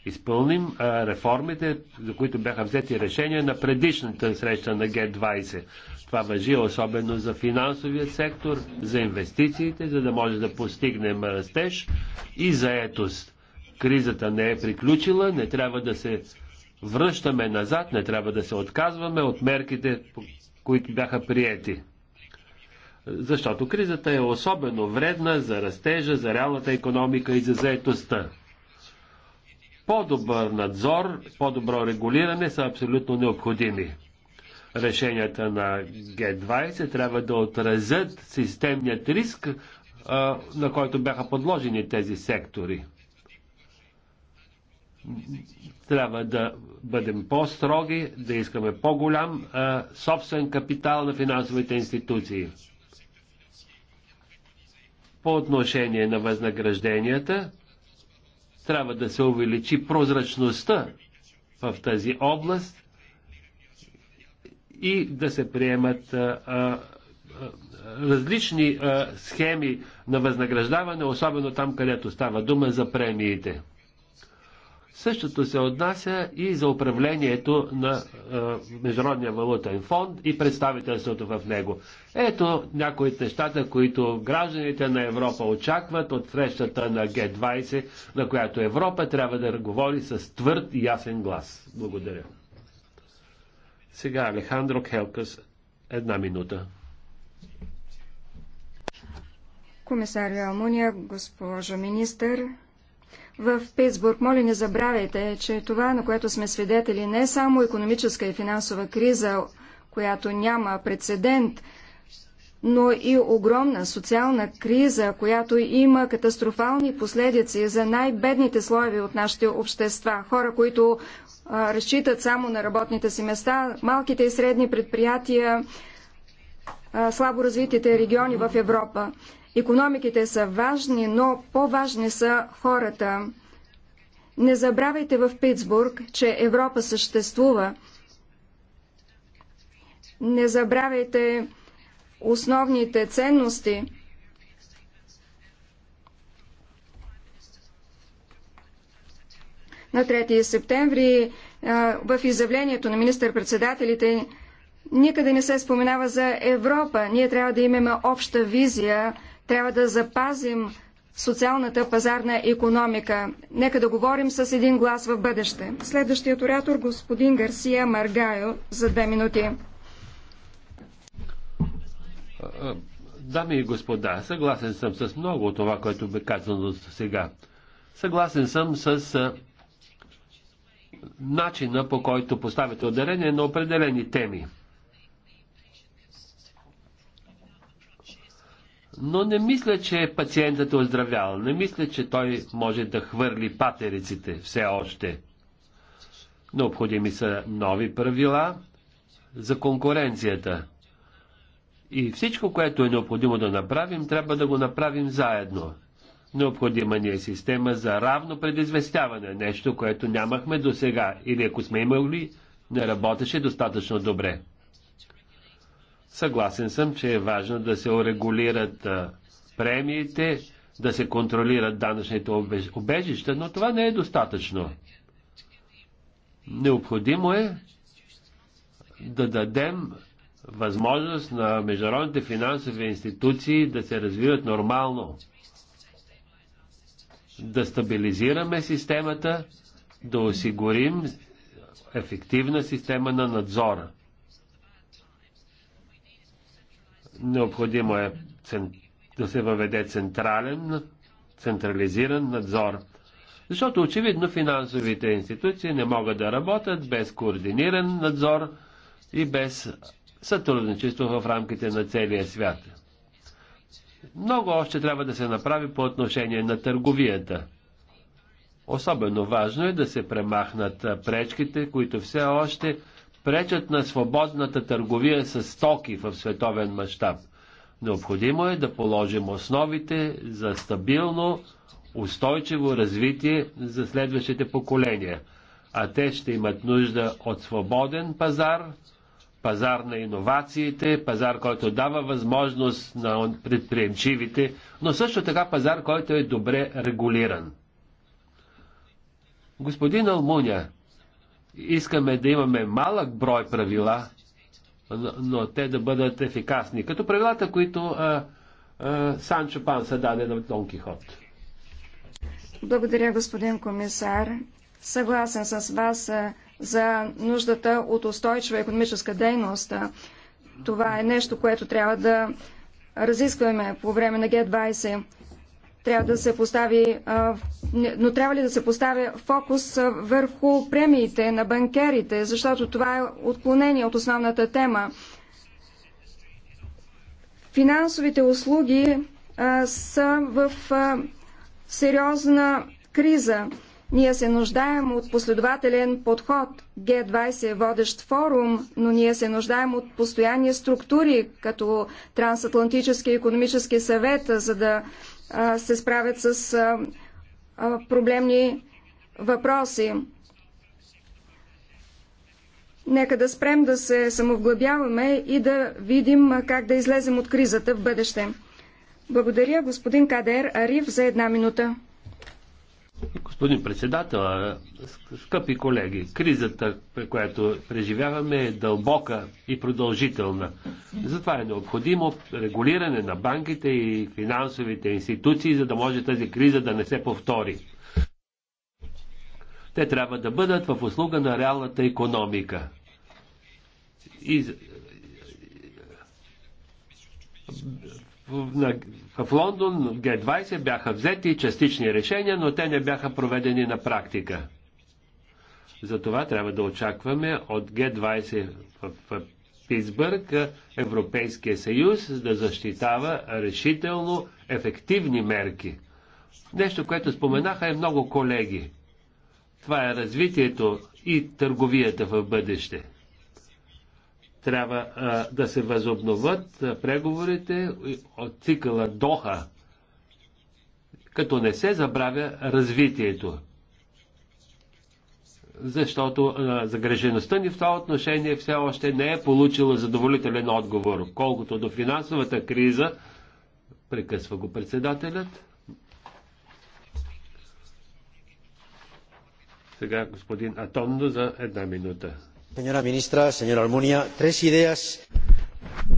изпълним реформите, за които бяха взети решения на предишната среща на Г-20. Това въжи особено за финансовия сектор, за инвестициите, за да може да постигнем растеж и заетост. Кризата не е приключила, не трябва да се връщаме назад, не трябва да се отказваме от мерките, които бяха приети. Защото кризата е особено вредна за растежа, за реалната економика и за заетостта по-добър надзор, по-добро регулиране са абсолютно необходими. Решенията на Г20 трябва да отразят системният риск, на който бяха подложени тези сектори. Трябва да бъдем по-строги, да искаме по-голям собствен капитал на финансовите институции. По отношение на възнагражденията, трябва да се увеличи прозрачността в тази област и да се приемат а, а, различни а, схеми на възнаграждаване, особено там, където става дума за премиите. Същото се отнася и за управлението на е, Международния валутен фонд и представителството в него. Ето някои от нещата, които гражданите на Европа очакват от срещата на Г-20, на която Европа трябва да говори с твърд и ясен глас. Благодаря. Сега Алехандро Келкас, една минута. Комисаря Алмуния, госпожо министър, в Питсбург. Моля, не забравяйте, че това, на което сме свидетели, не е само економическа и финансова криза, която няма прецедент, но и огромна социална криза, която има катастрофални последици за най-бедните слоеви от нашите общества. Хора, които а, разчитат само на работните си места, малките и средни предприятия, а, слабо развитите региони в Европа. Економиките са важни, но по-важни са хората. Не забравяйте в Питсбург, че Европа съществува. Не забравяйте основните ценности. На 3 септември в изявлението на министър-председателите никъде не се споменава за Европа. Ние трябва да имаме обща визия трябва да запазим социалната пазарна економика. Нека да говорим с един глас в бъдеще. Следващият оратор господин Гарсия Маргайо за две минути. Дами и господа, съгласен съм с много от това, което бе казано сега. Съгласен съм с начина по който поставяте ударение на определени теми. но не мисля, че пациентът е оздравял. Не мисля, че той може да хвърли патериците все още. Необходими са нови правила за конкуренцията. И всичко, което е необходимо да направим, трябва да го направим заедно. Необходима ни е система за равно предизвестяване, нещо, което нямахме до сега или ако сме имали, не работеше достатъчно добре. Съгласен съм, че е важно да се урегулират премиите, да се контролират данъчните обежища, но това не е достатъчно. Необходимо е да дадем възможност на международните финансови институции да се развиват нормално, да стабилизираме системата, да осигурим ефективна система на надзора. Необходимо е да се въведе централен, централизиран надзор. Защото очевидно финансовите институции не могат да работят без координиран надзор и без сътрудничество в рамките на целия свят. Много още трябва да се направи по отношение на търговията. Особено важно е да се премахнат пречките, които все още пречат на свободната търговия с стоки в световен мащаб. Необходимо е да положим основите за стабилно, устойчиво развитие за следващите поколения, а те ще имат нужда от свободен пазар, пазар на иновациите, пазар, който дава възможност на предприемчивите, но също така пазар, който е добре регулиран. Господин Алмуня искаме да имаме малък брой правила, но, но те да бъдат ефикасни. Като правилата, които а, а, Санчо Панса даде на Дон Кихот. Благодаря, господин комисар. Съгласен с вас за нуждата от устойчива економическа дейност. Това е нещо, което трябва да разискваме по време на Г-20. Трябва да се постави, но трябва ли да се поставя фокус върху премиите на банкерите, защото това е отклонение от основната тема. Финансовите услуги са в сериозна криза. Ние се нуждаем от последователен подход. Г20 е водещ форум, но ние се нуждаем от постоянни структури, като Трансатлантически економически съвет, за да се справят с проблемни въпроси. Нека да спрем да се самовглъбяваме и да видим как да излезем от кризата в бъдеще. Благодаря господин Кадер Ариф за една минута. Господин председател, скъпи колеги, кризата, която преживяваме, е дълбока и продължителна. Затова е необходимо регулиране на банките и финансовите институции, за да може тази криза да не се повтори. Те трябва да бъдат в услуга на реалната економика. И в Лондон Г-20 бяха взети частични решения, но те не бяха проведени на практика. Затова трябва да очакваме от Г-20 в, в Питсбърг Европейския съюз да защитава решително ефективни мерки. Нещо, което споменаха е много колеги. Това е развитието и търговията в бъдеще. Трябва а, да се възобновят преговорите от цикъла Доха, като не се забравя развитието. Защото а, загрежеността ни в това отношение все още не е получила задоволителен отговор. Колкото до финансовата криза, прекъсва го председателят. Сега господин Атондо за една минута. Señora ministra, señora Almunia, tres ideas.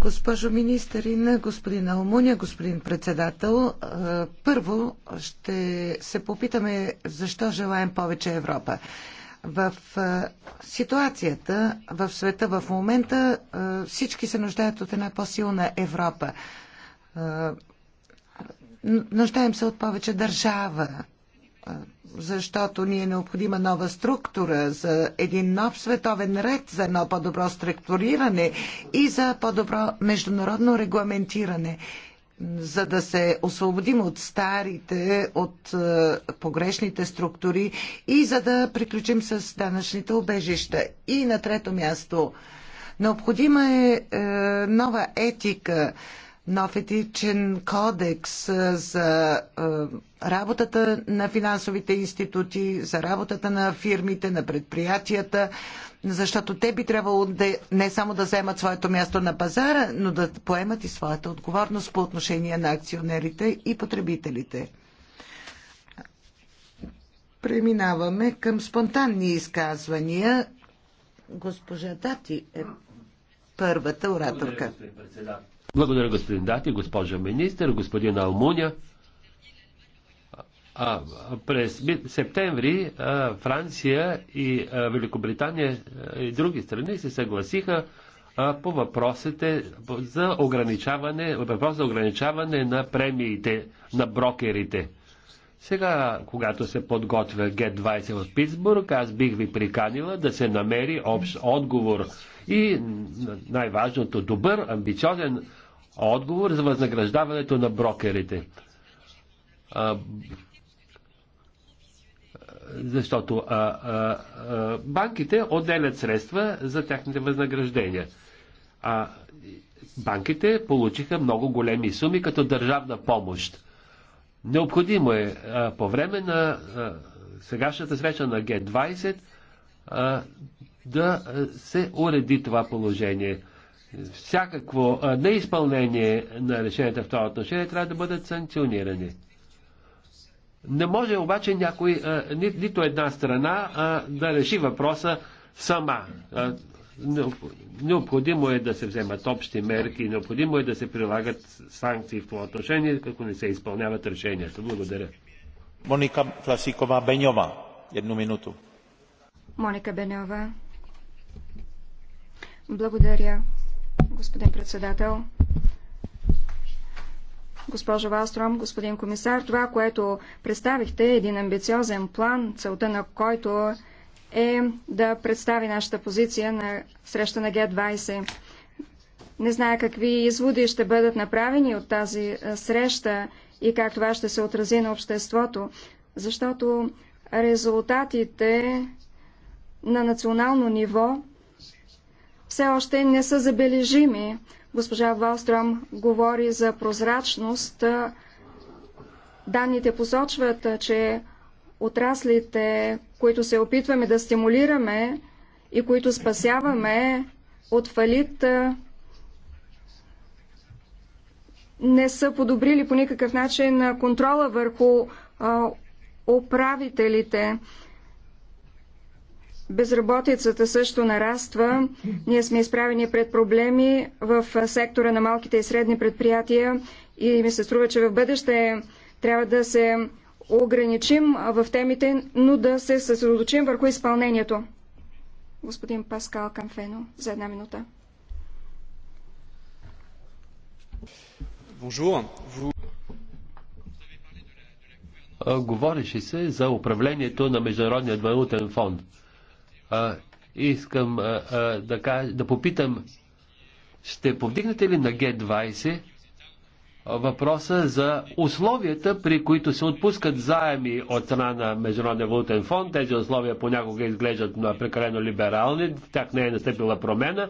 Госпожо министърина, господин Алмуня, господин председател, първо ще се попитаме защо желаем повече Европа. В ситуацията в света в момента всички се нуждаят от една по-силна Европа. Нуждаем се от повече държава, защото ни е необходима нова структура, за един нов световен ред, за едно по-добро структуриране и за по-добро международно регламентиране, за да се освободим от старите, от е, погрешните структури и за да приключим с данъчните убежища. И на трето място, необходима е, е нова етика, нов етичен кодекс за работата на финансовите институти, за работата на фирмите, на предприятията, защото те би трябвало да, не само да вземат своето място на пазара, но да поемат и своята отговорност по отношение на акционерите и потребителите. Преминаваме към спонтанни изказвания. Госпожа Дати е първата ораторка. Благодаря, благодаря, господин Дати, госпожа министр, господин Алмуня. А, през септември а, Франция и а, Великобритания и други страни се съгласиха а, по въпросите за ограничаване, въпрос за ограничаване на премиите на брокерите. Сега, когато се подготвя Г-20 в Питсбург, аз бих ви приканила да се намери общ отговор и най-важното добър, амбициозен отговор за възнаграждаването на брокерите. А, защото а, а, а, банките отделят средства за тяхните възнаграждения. А банките получиха много големи суми като държавна помощ. Необходимо е а, по време на а, сегашната среща на Г-20 а, да се уреди това положение. Всякакво а, неизпълнение на решенията в това отношение трябва да бъдат санкционирани. Не може обаче някой, а, ни, нито една страна а, да реши въпроса сама. А, Необходимо е да се вземат общи мерки, необходимо е да се прилагат санкции в това отношение, ако не се изпълняват решенията. Благодаря. Моника Фласикова Беньова. Едно минуто. Моника Беньова. Благодаря, господин председател. Госпожо Валстром, господин комисар, това, което представихте е един амбициозен план, целта на който е да представи нашата позиция на среща на Г-20. Не зная какви изводи ще бъдат направени от тази е, среща и как това ще се отрази на обществото, защото резултатите на национално ниво все още не са забележими. Госпожа Валстром говори за прозрачност. Е, данните посочват, е, че отраслите, които се опитваме да стимулираме и които спасяваме от фалит, не са подобрили по никакъв начин контрола върху управителите. Безработицата също нараства. Ние сме изправени пред проблеми в сектора на малките и средни предприятия и ми се струва, че в бъдеще трябва да се ограничим в темите, но да се съсредоточим върху изпълнението. Господин Паскал Камфено, за една минута. Говореше се за управлението на Международния валутен фонд. Искам да, кажа, да попитам, ще повдигнете ли на Г-20 въпроса за условията, при които се отпускат заеми от страна на Международния валутен фонд. Тези условия понякога изглеждат на прекалено либерални, в тях не е настъпила промена.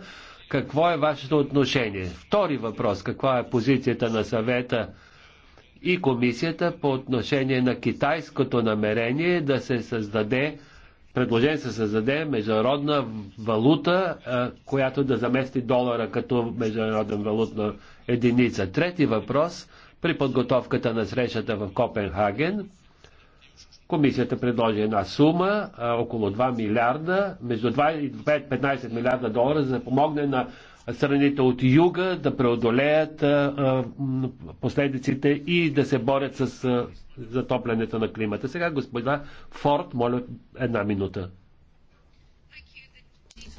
Какво е вашето отношение? Втори въпрос. Каква е позицията на съвета и комисията по отношение на китайското намерение да се създаде предложение се създаде международна валута, която да замести долара като международен валутна единица. Трети въпрос при подготовката на срещата в Копенхаген. Комисията предложи една сума, около 2 милиарда, между 2 и 15 милиарда долара, за да помогне на страните от юга да преодолеят последиците и да се борят с затоплянето на климата. Сега господа Форд, моля една минута.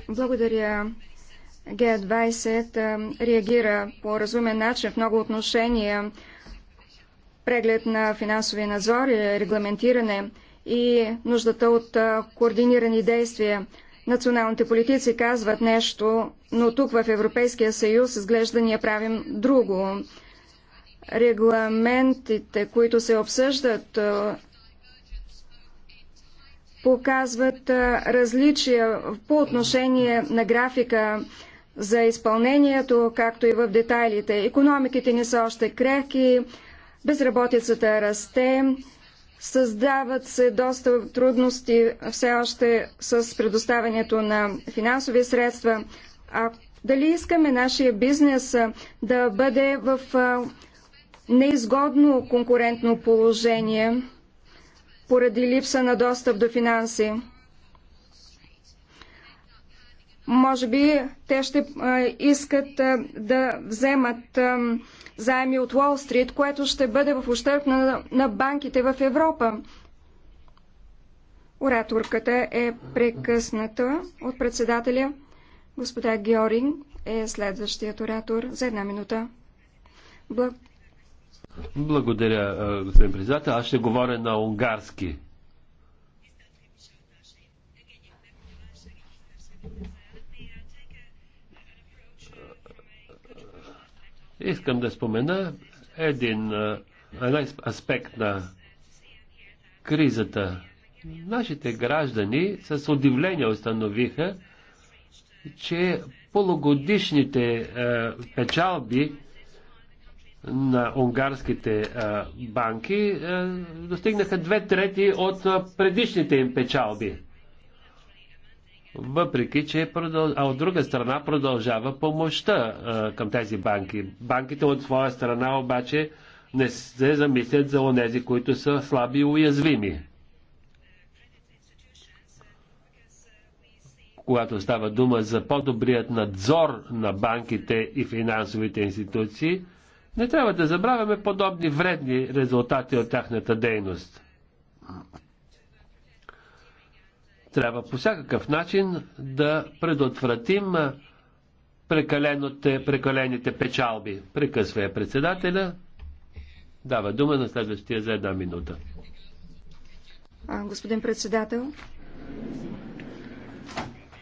Благодаря. Г-20 реагира по разумен начин в много отношения. Преглед на финансови надзори, регламентиране и нуждата от координирани действия националните политици казват нещо, но тук в Европейския съюз изглежда ние правим друго. Регламентите, които се обсъждат, показват различия по отношение на графика за изпълнението, както и в детайлите. Економиките ни са още крехки, безработицата расте, Създават се доста трудности все още с предоставянето на финансови средства. А дали искаме нашия бизнес да бъде в неизгодно конкурентно положение поради липса на достъп до финанси? Може би те ще искат да вземат заеми от Уолл Стрит, което ще бъде в ущърп на, на банките в Европа. Ораторката е прекъсната от председателя. Господа Георин е следващият оратор за една минута. Благ... Благодаря, господин председател. Аз ще говоря на унгарски. Искам да спомена един аспект на кризата. Нашите граждани с удивление установиха, че полугодишните е, печалби на унгарските е, банки е, достигнаха две трети от предишните им печалби въпреки че продъл... а от друга страна продължава помощта а, към тези банки. Банките от своя страна обаче не се замислят за онези, които са слаби и уязвими. Когато става дума за по-добрият надзор на банките и финансовите институции, не трябва да забравяме подобни вредни резултати от тяхната дейност. Трябва по всякакъв начин да предотвратим прекалените, прекалените печалби. Прекъсва я председателя. Дава дума на следващия за една минута. А, господин председател,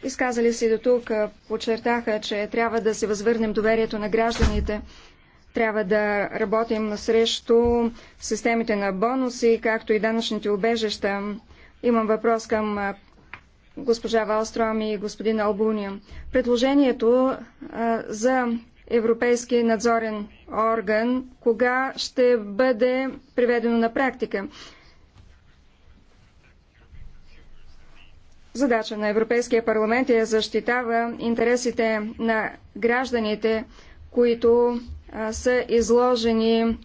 изказали си до тук, подчертаха, че трябва да се възвърнем доверието на гражданите. Трябва да работим срещу системите на бонуси, както и данъчните убежища. Имам въпрос към госпожа Валстром и господин Албуния. Предложението а, за Европейски надзорен орган, кога ще бъде приведено на практика? Задача на Европейския парламент е да защитава интересите на гражданите, които а, са изложени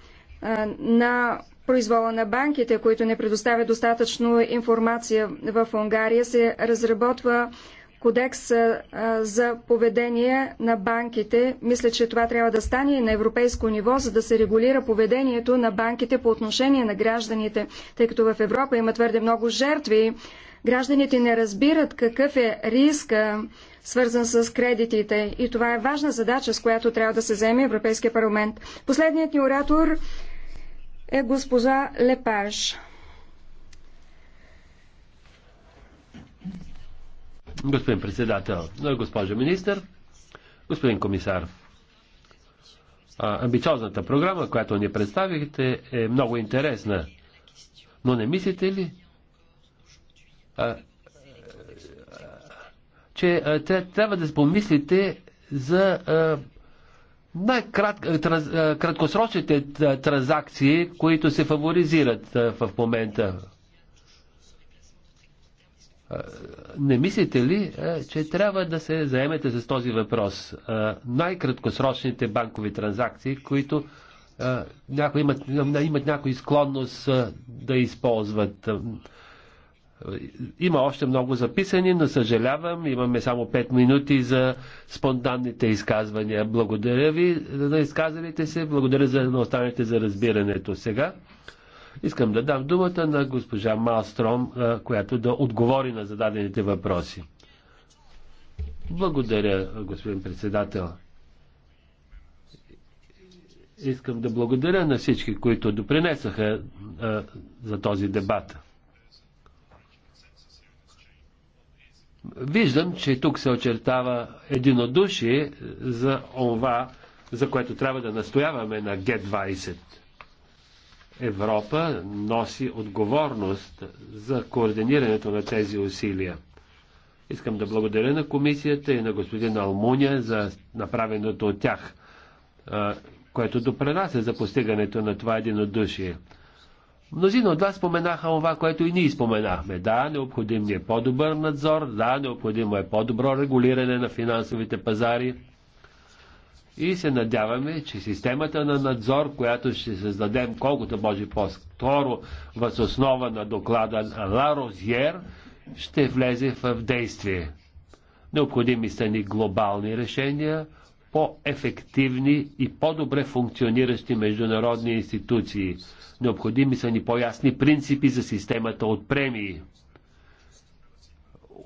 а, на произвола на банките, които не предоставят достатъчно информация в Унгария, се разработва кодекс за поведение на банките. Мисля, че това трябва да стане и на европейско ниво, за да се регулира поведението на банките по отношение на гражданите, тъй като в Европа има твърде много жертви. Гражданите не разбират какъв е риска, свързан с кредитите. И това е важна задача, с която трябва да се заеме Европейския парламент. Последният ни оратор е госпожа Лепаж. Господин председател, госпожо министър, господин комисар, амбициозната програма, която ни представихте, е много интересна. Но не мислите ли, а, че а, трябва да помислите за а, най-краткосрочните транзакции, които се фаворизират в момента. Не мислите ли, че трябва да се заемете с този въпрос? Най-краткосрочните банкови транзакции, които някои имат, имат някои склонност да използват има още много записани, но съжалявам, имаме само 5 минути за спонтанните изказвания. Благодаря ви за изказалите се, благодаря за, да останете за разбирането сега. Искам да дам думата на госпожа Малстром, която да отговори на зададените въпроси. Благодаря, господин председател. Искам да благодаря на всички, които допринесаха а, за този дебат. Виждам, че тук се очертава единодушие за това, за което трябва да настояваме на Г-20. Европа носи отговорност за координирането на тези усилия. Искам да благодаря на комисията и на господин Алмуня за направеното от тях, което допренася за постигането на това единодушие. Мнозина от вас споменаха това, което и ние споменахме. Да, необходим ни е по-добър надзор, да, необходимо е по-добро регулиране на финансовите пазари. И се надяваме, че системата на надзор, която ще създадем колкото може по-скоро въз основа на доклада Ла Розьер, ще влезе в действие. Необходими са ни глобални решения, по-ефективни и по-добре функциониращи международни институции. Необходими са ни по-ясни принципи за системата от премии.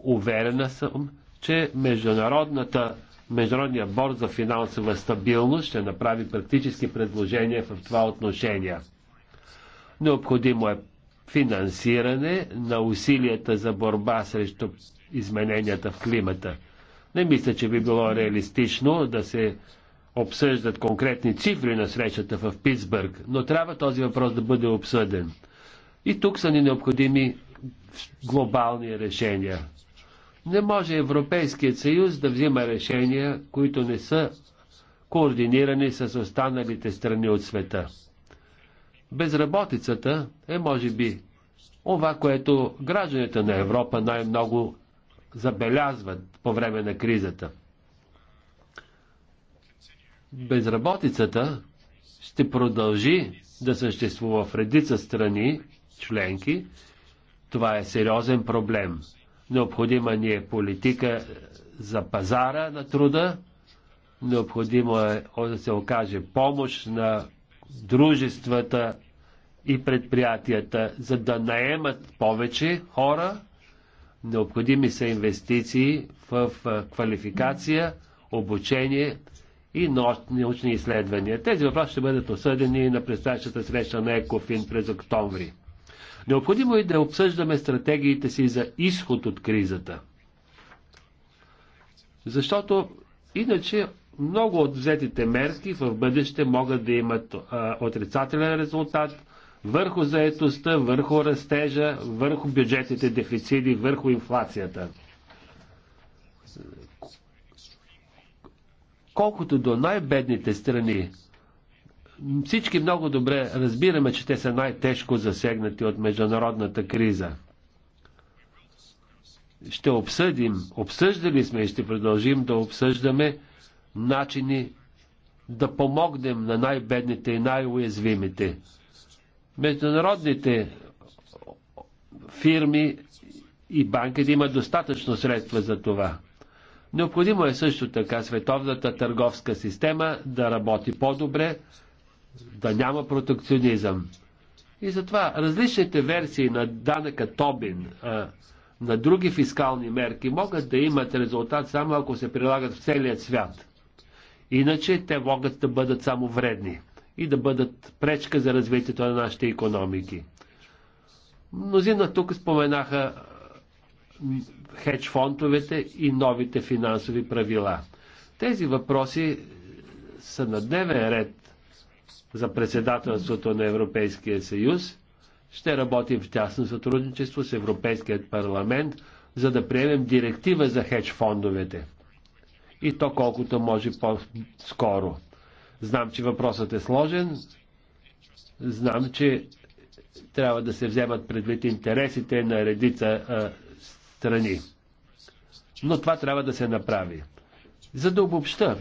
Уверена съм, че международната, Международния борд за финансова стабилност ще направи практически предложения в това отношение. Необходимо е финансиране на усилията за борба срещу измененията в климата – не мисля, че би било реалистично да се обсъждат конкретни цифри на срещата в Питсбърг, но трябва този въпрос да бъде обсъден. И тук са ни необходими глобални решения. Не може Европейският съюз да взима решения, които не са координирани с останалите страни от света. Безработицата е, може би, това, което гражданите на Европа най-много забелязват по време на кризата. Безработицата ще продължи да съществува в редица страни, членки. Това е сериозен проблем. Необходима ни е политика за пазара на труда, необходимо е да се окаже помощ на дружествата и предприятията, за да наемат повече хора Необходими са инвестиции в квалификация, обучение и научни изследвания. Тези въпроси ще бъдат осъдени на предстоящата среща на Екофин през октомври. Необходимо е да обсъждаме стратегиите си за изход от кризата. Защото иначе много от взетите мерки в бъдеще могат да имат а, отрицателен резултат върху заетостта, върху растежа, върху бюджетните дефицити, върху инфлацията. Колкото до най-бедните страни, всички много добре разбираме, че те са най-тежко засегнати от международната криза. Ще обсъдим, обсъждали сме и ще продължим да обсъждаме начини да помогнем на най-бедните и най-уязвимите. Международните фирми и банките имат достатъчно средства за това. Необходимо е също така световната търговска система да работи по-добре, да няма протекционизъм. И затова различните версии на данъка Тобин, а, на други фискални мерки могат да имат резултат само ако се прилагат в целия свят. Иначе те могат да бъдат само вредни и да бъдат пречка за развитието на нашите економики. Мнозина тук споменаха хедж фондовете и новите финансови правила. Тези въпроси са на дневен ред за председателството на Европейския съюз. Ще работим в тясно сътрудничество с Европейският парламент, за да приемем директива за хедж фондовете. И то колкото може по-скоро. Знам, че въпросът е сложен. Знам, че трябва да се вземат предвид интересите на редица а, страни. Но това трябва да се направи. За да обобща,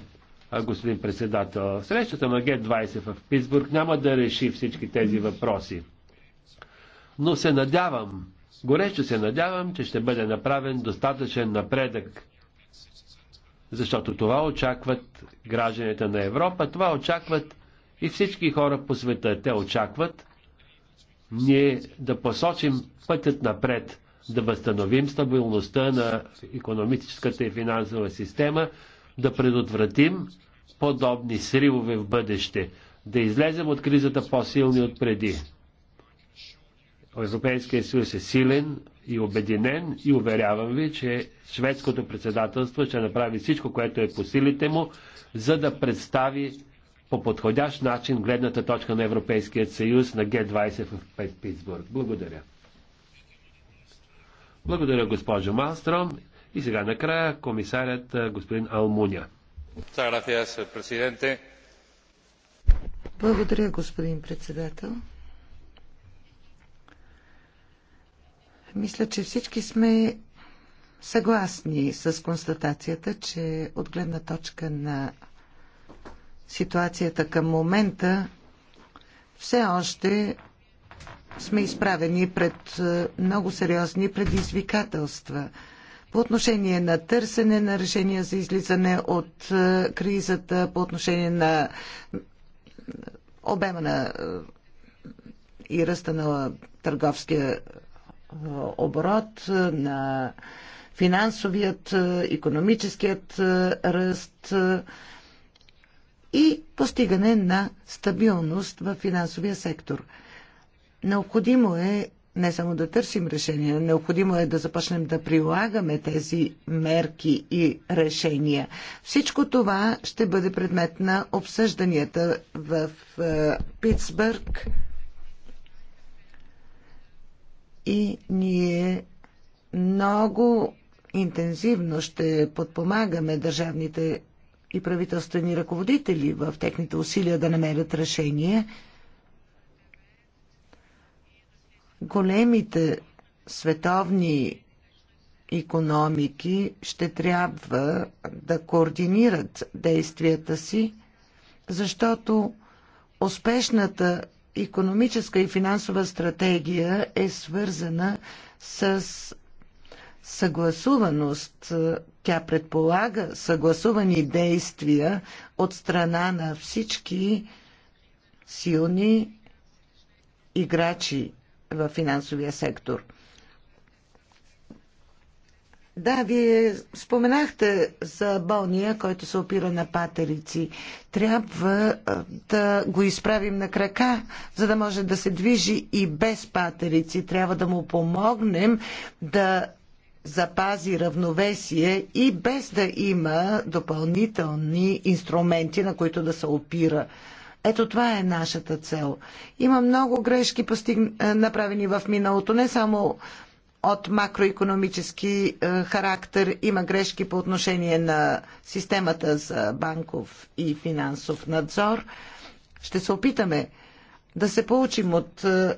господин председател, срещата на Г-20 в Питсбург няма да реши всички тези въпроси. Но се надявам, горещо се надявам, че ще бъде направен достатъчен напредък защото това очакват гражданите на Европа, това очакват и всички хора по света. Те очакват ние да посочим пътят напред, да възстановим стабилността на економическата и финансова система, да предотвратим подобни сривове в бъдеще, да излезем от кризата по-силни от преди. Европейския съюз е силен, и обединен и уверявам ви, че шведското председателство ще направи всичко, което е по силите му, за да представи по подходящ начин гледната точка на Европейския съюз на Г-20 в Питсбург. Благодаря. Благодаря, госпожо Малстром. И сега накрая комисарят господин Алмуня. Благодаря, господин председател. Мисля, че всички сме съгласни с констатацията, че от гледна точка на ситуацията към момента все още сме изправени пред е, много сериозни предизвикателства по отношение на търсене на решения за излизане от е, кризата, по отношение на обема на е, и ръста на търговския оборот, е, на финансовият, економическият е, ръст е, и постигане на стабилност в финансовия сектор. Необходимо е не само да търсим решения, необходимо е да започнем да прилагаме тези мерки и решения. Всичко това ще бъде предмет на обсъжданията в Питсбърг и ние много интензивно ще подпомагаме държавните и правителствени ръководители в техните усилия да намерят решение. Големите световни економики ще трябва да координират действията си, защото успешната економическа и финансова стратегия е свързана с съгласуваност. Тя предполага съгласувани действия от страна на всички силни играчи в финансовия сектор – да, вие споменахте за болния, който се опира на патерици. Трябва да го изправим на крака, за да може да се движи и без патерици. Трябва да му помогнем да запази равновесие и без да има допълнителни инструменти, на които да се опира. Ето това е нашата цел. Има много грешки постиг... направени в миналото, не само от макроекономически е, характер. Има грешки по отношение на системата за банков и финансов надзор. Ще се опитаме да се получим от е,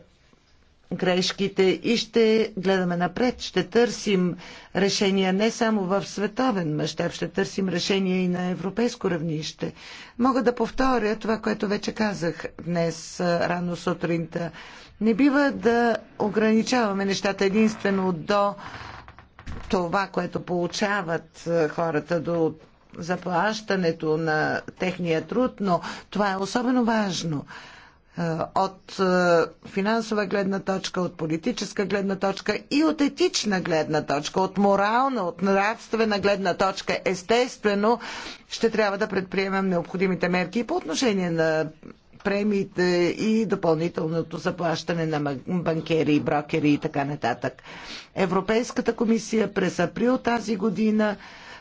грешките и ще гледаме напред. Ще търсим решения не само в световен мащаб, ще търсим решения и на европейско равнище. Мога да повторя това, което вече казах днес е, рано сутринта. Не бива да ограничаваме нещата единствено до това, което получават е, хората, до заплащането на техния труд, но това е особено важно е, от е, финансова гледна точка, от политическа гледна точка и от етична гледна точка, от морална, от нравствена гледна точка, естествено, ще трябва да предприемем необходимите мерки и по отношение на премиите и допълнителното заплащане на банкери, брокери и така нататък. Европейската комисия през април тази година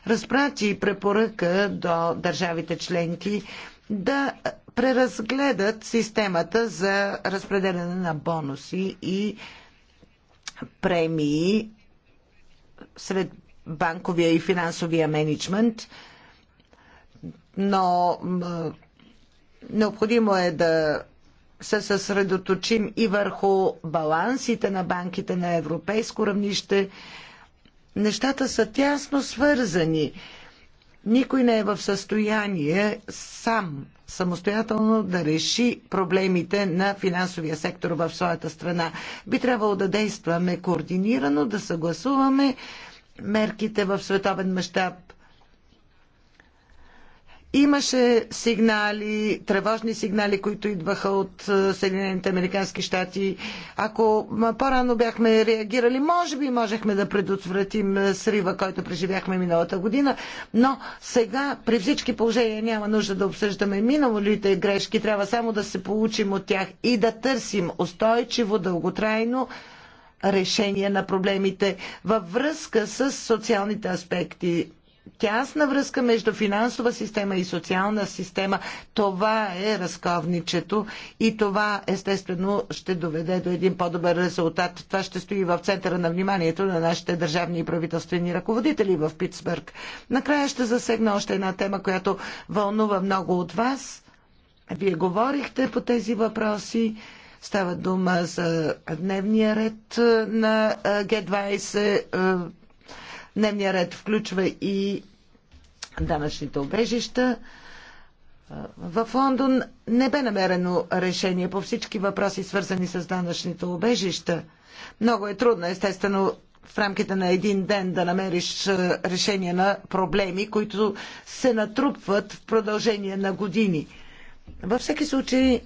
разпрати препоръка до държавите членки да преразгледат системата за разпределяне на бонуси и премии сред банковия и финансовия менеджмент, но Необходимо е да се съсредоточим и върху балансите на банките на европейско равнище. Нещата са тясно свързани. Никой не е в състояние сам, самостоятелно да реши проблемите на финансовия сектор в своята страна. Би трябвало да действаме координирано, да съгласуваме мерките в световен мащаб Имаше сигнали, тревожни сигнали, които идваха от е, Съединените Американски щати. Ако по-рано бяхме реагирали, може би можехме да предотвратим е, срива, който преживяхме миналата година, но сега при всички положения няма нужда да обсъждаме миналите грешки, трябва само да се получим от тях и да търсим устойчиво, дълготрайно решение на проблемите във връзка с социалните аспекти тясна връзка между финансова система и социална система. Това е разковничето и това естествено ще доведе до един по-добър резултат. Това ще стои в центъра на вниманието на нашите държавни и правителствени ръководители в Питсбърг. Накрая ще засегна още една тема, която вълнува много от вас. Вие говорихте по тези въпроси. Става дума за дневния ред на Г20 Дневният ред включва и данъчните обежища. В Лондон не бе намерено решение по всички въпроси, свързани с данъчните обежища. Много е трудно, естествено, в рамките на един ден да намериш решение на проблеми, които се натрупват в продължение на години. Във всеки случай,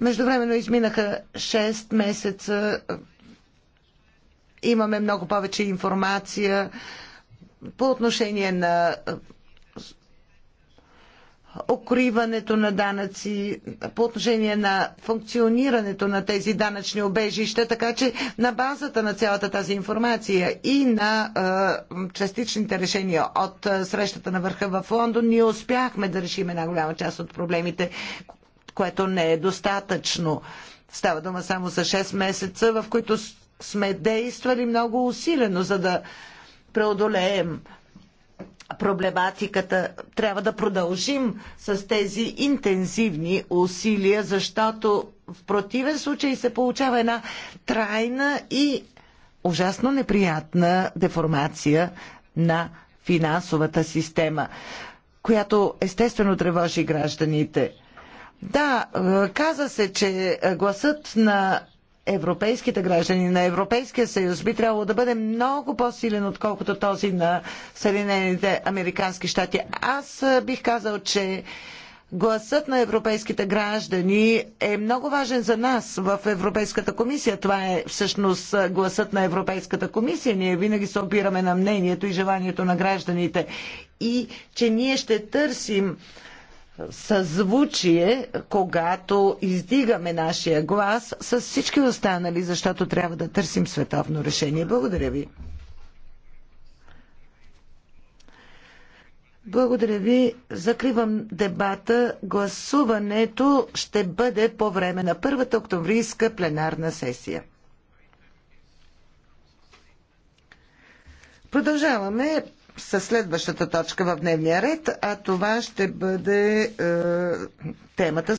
Междувременно изминаха 6 месеца, имаме много повече информация по отношение на укриването на данъци, по отношение на функционирането на тези данъчни обежища, така че на базата на цялата тази информация и на е, частичните решения от срещата на върха в Лондон, ние успяхме да решим една голяма част от проблемите, което не е достатъчно. Става дума само за 6 месеца, в които сме действали много усилено, за да преодолеем проблематиката. Трябва да продължим с тези интензивни усилия, защото в противен случай се получава една трайна и ужасно неприятна деформация на финансовата система, която естествено тревожи гражданите. Да, е, каза се, че гласът на европейските граждани на Европейския съюз би трябвало да бъде много по-силен, отколкото този на Съединените Американски щати. Аз бих казал, че гласът на европейските граждани е много важен за нас в Европейската комисия. Това е всъщност гласът на Европейската комисия. Ние винаги се опираме на мнението и желанието на гражданите. И че ние ще търсим съзвучие, когато издигаме нашия глас с всички останали, защото трябва да търсим световно решение. Благодаря ви. Благодаря ви. Закривам дебата. Гласуването ще бъде по време на първата октомврийска пленарна сесия. Продължаваме със следващата точка в дневния ред, а това ще бъде е, темата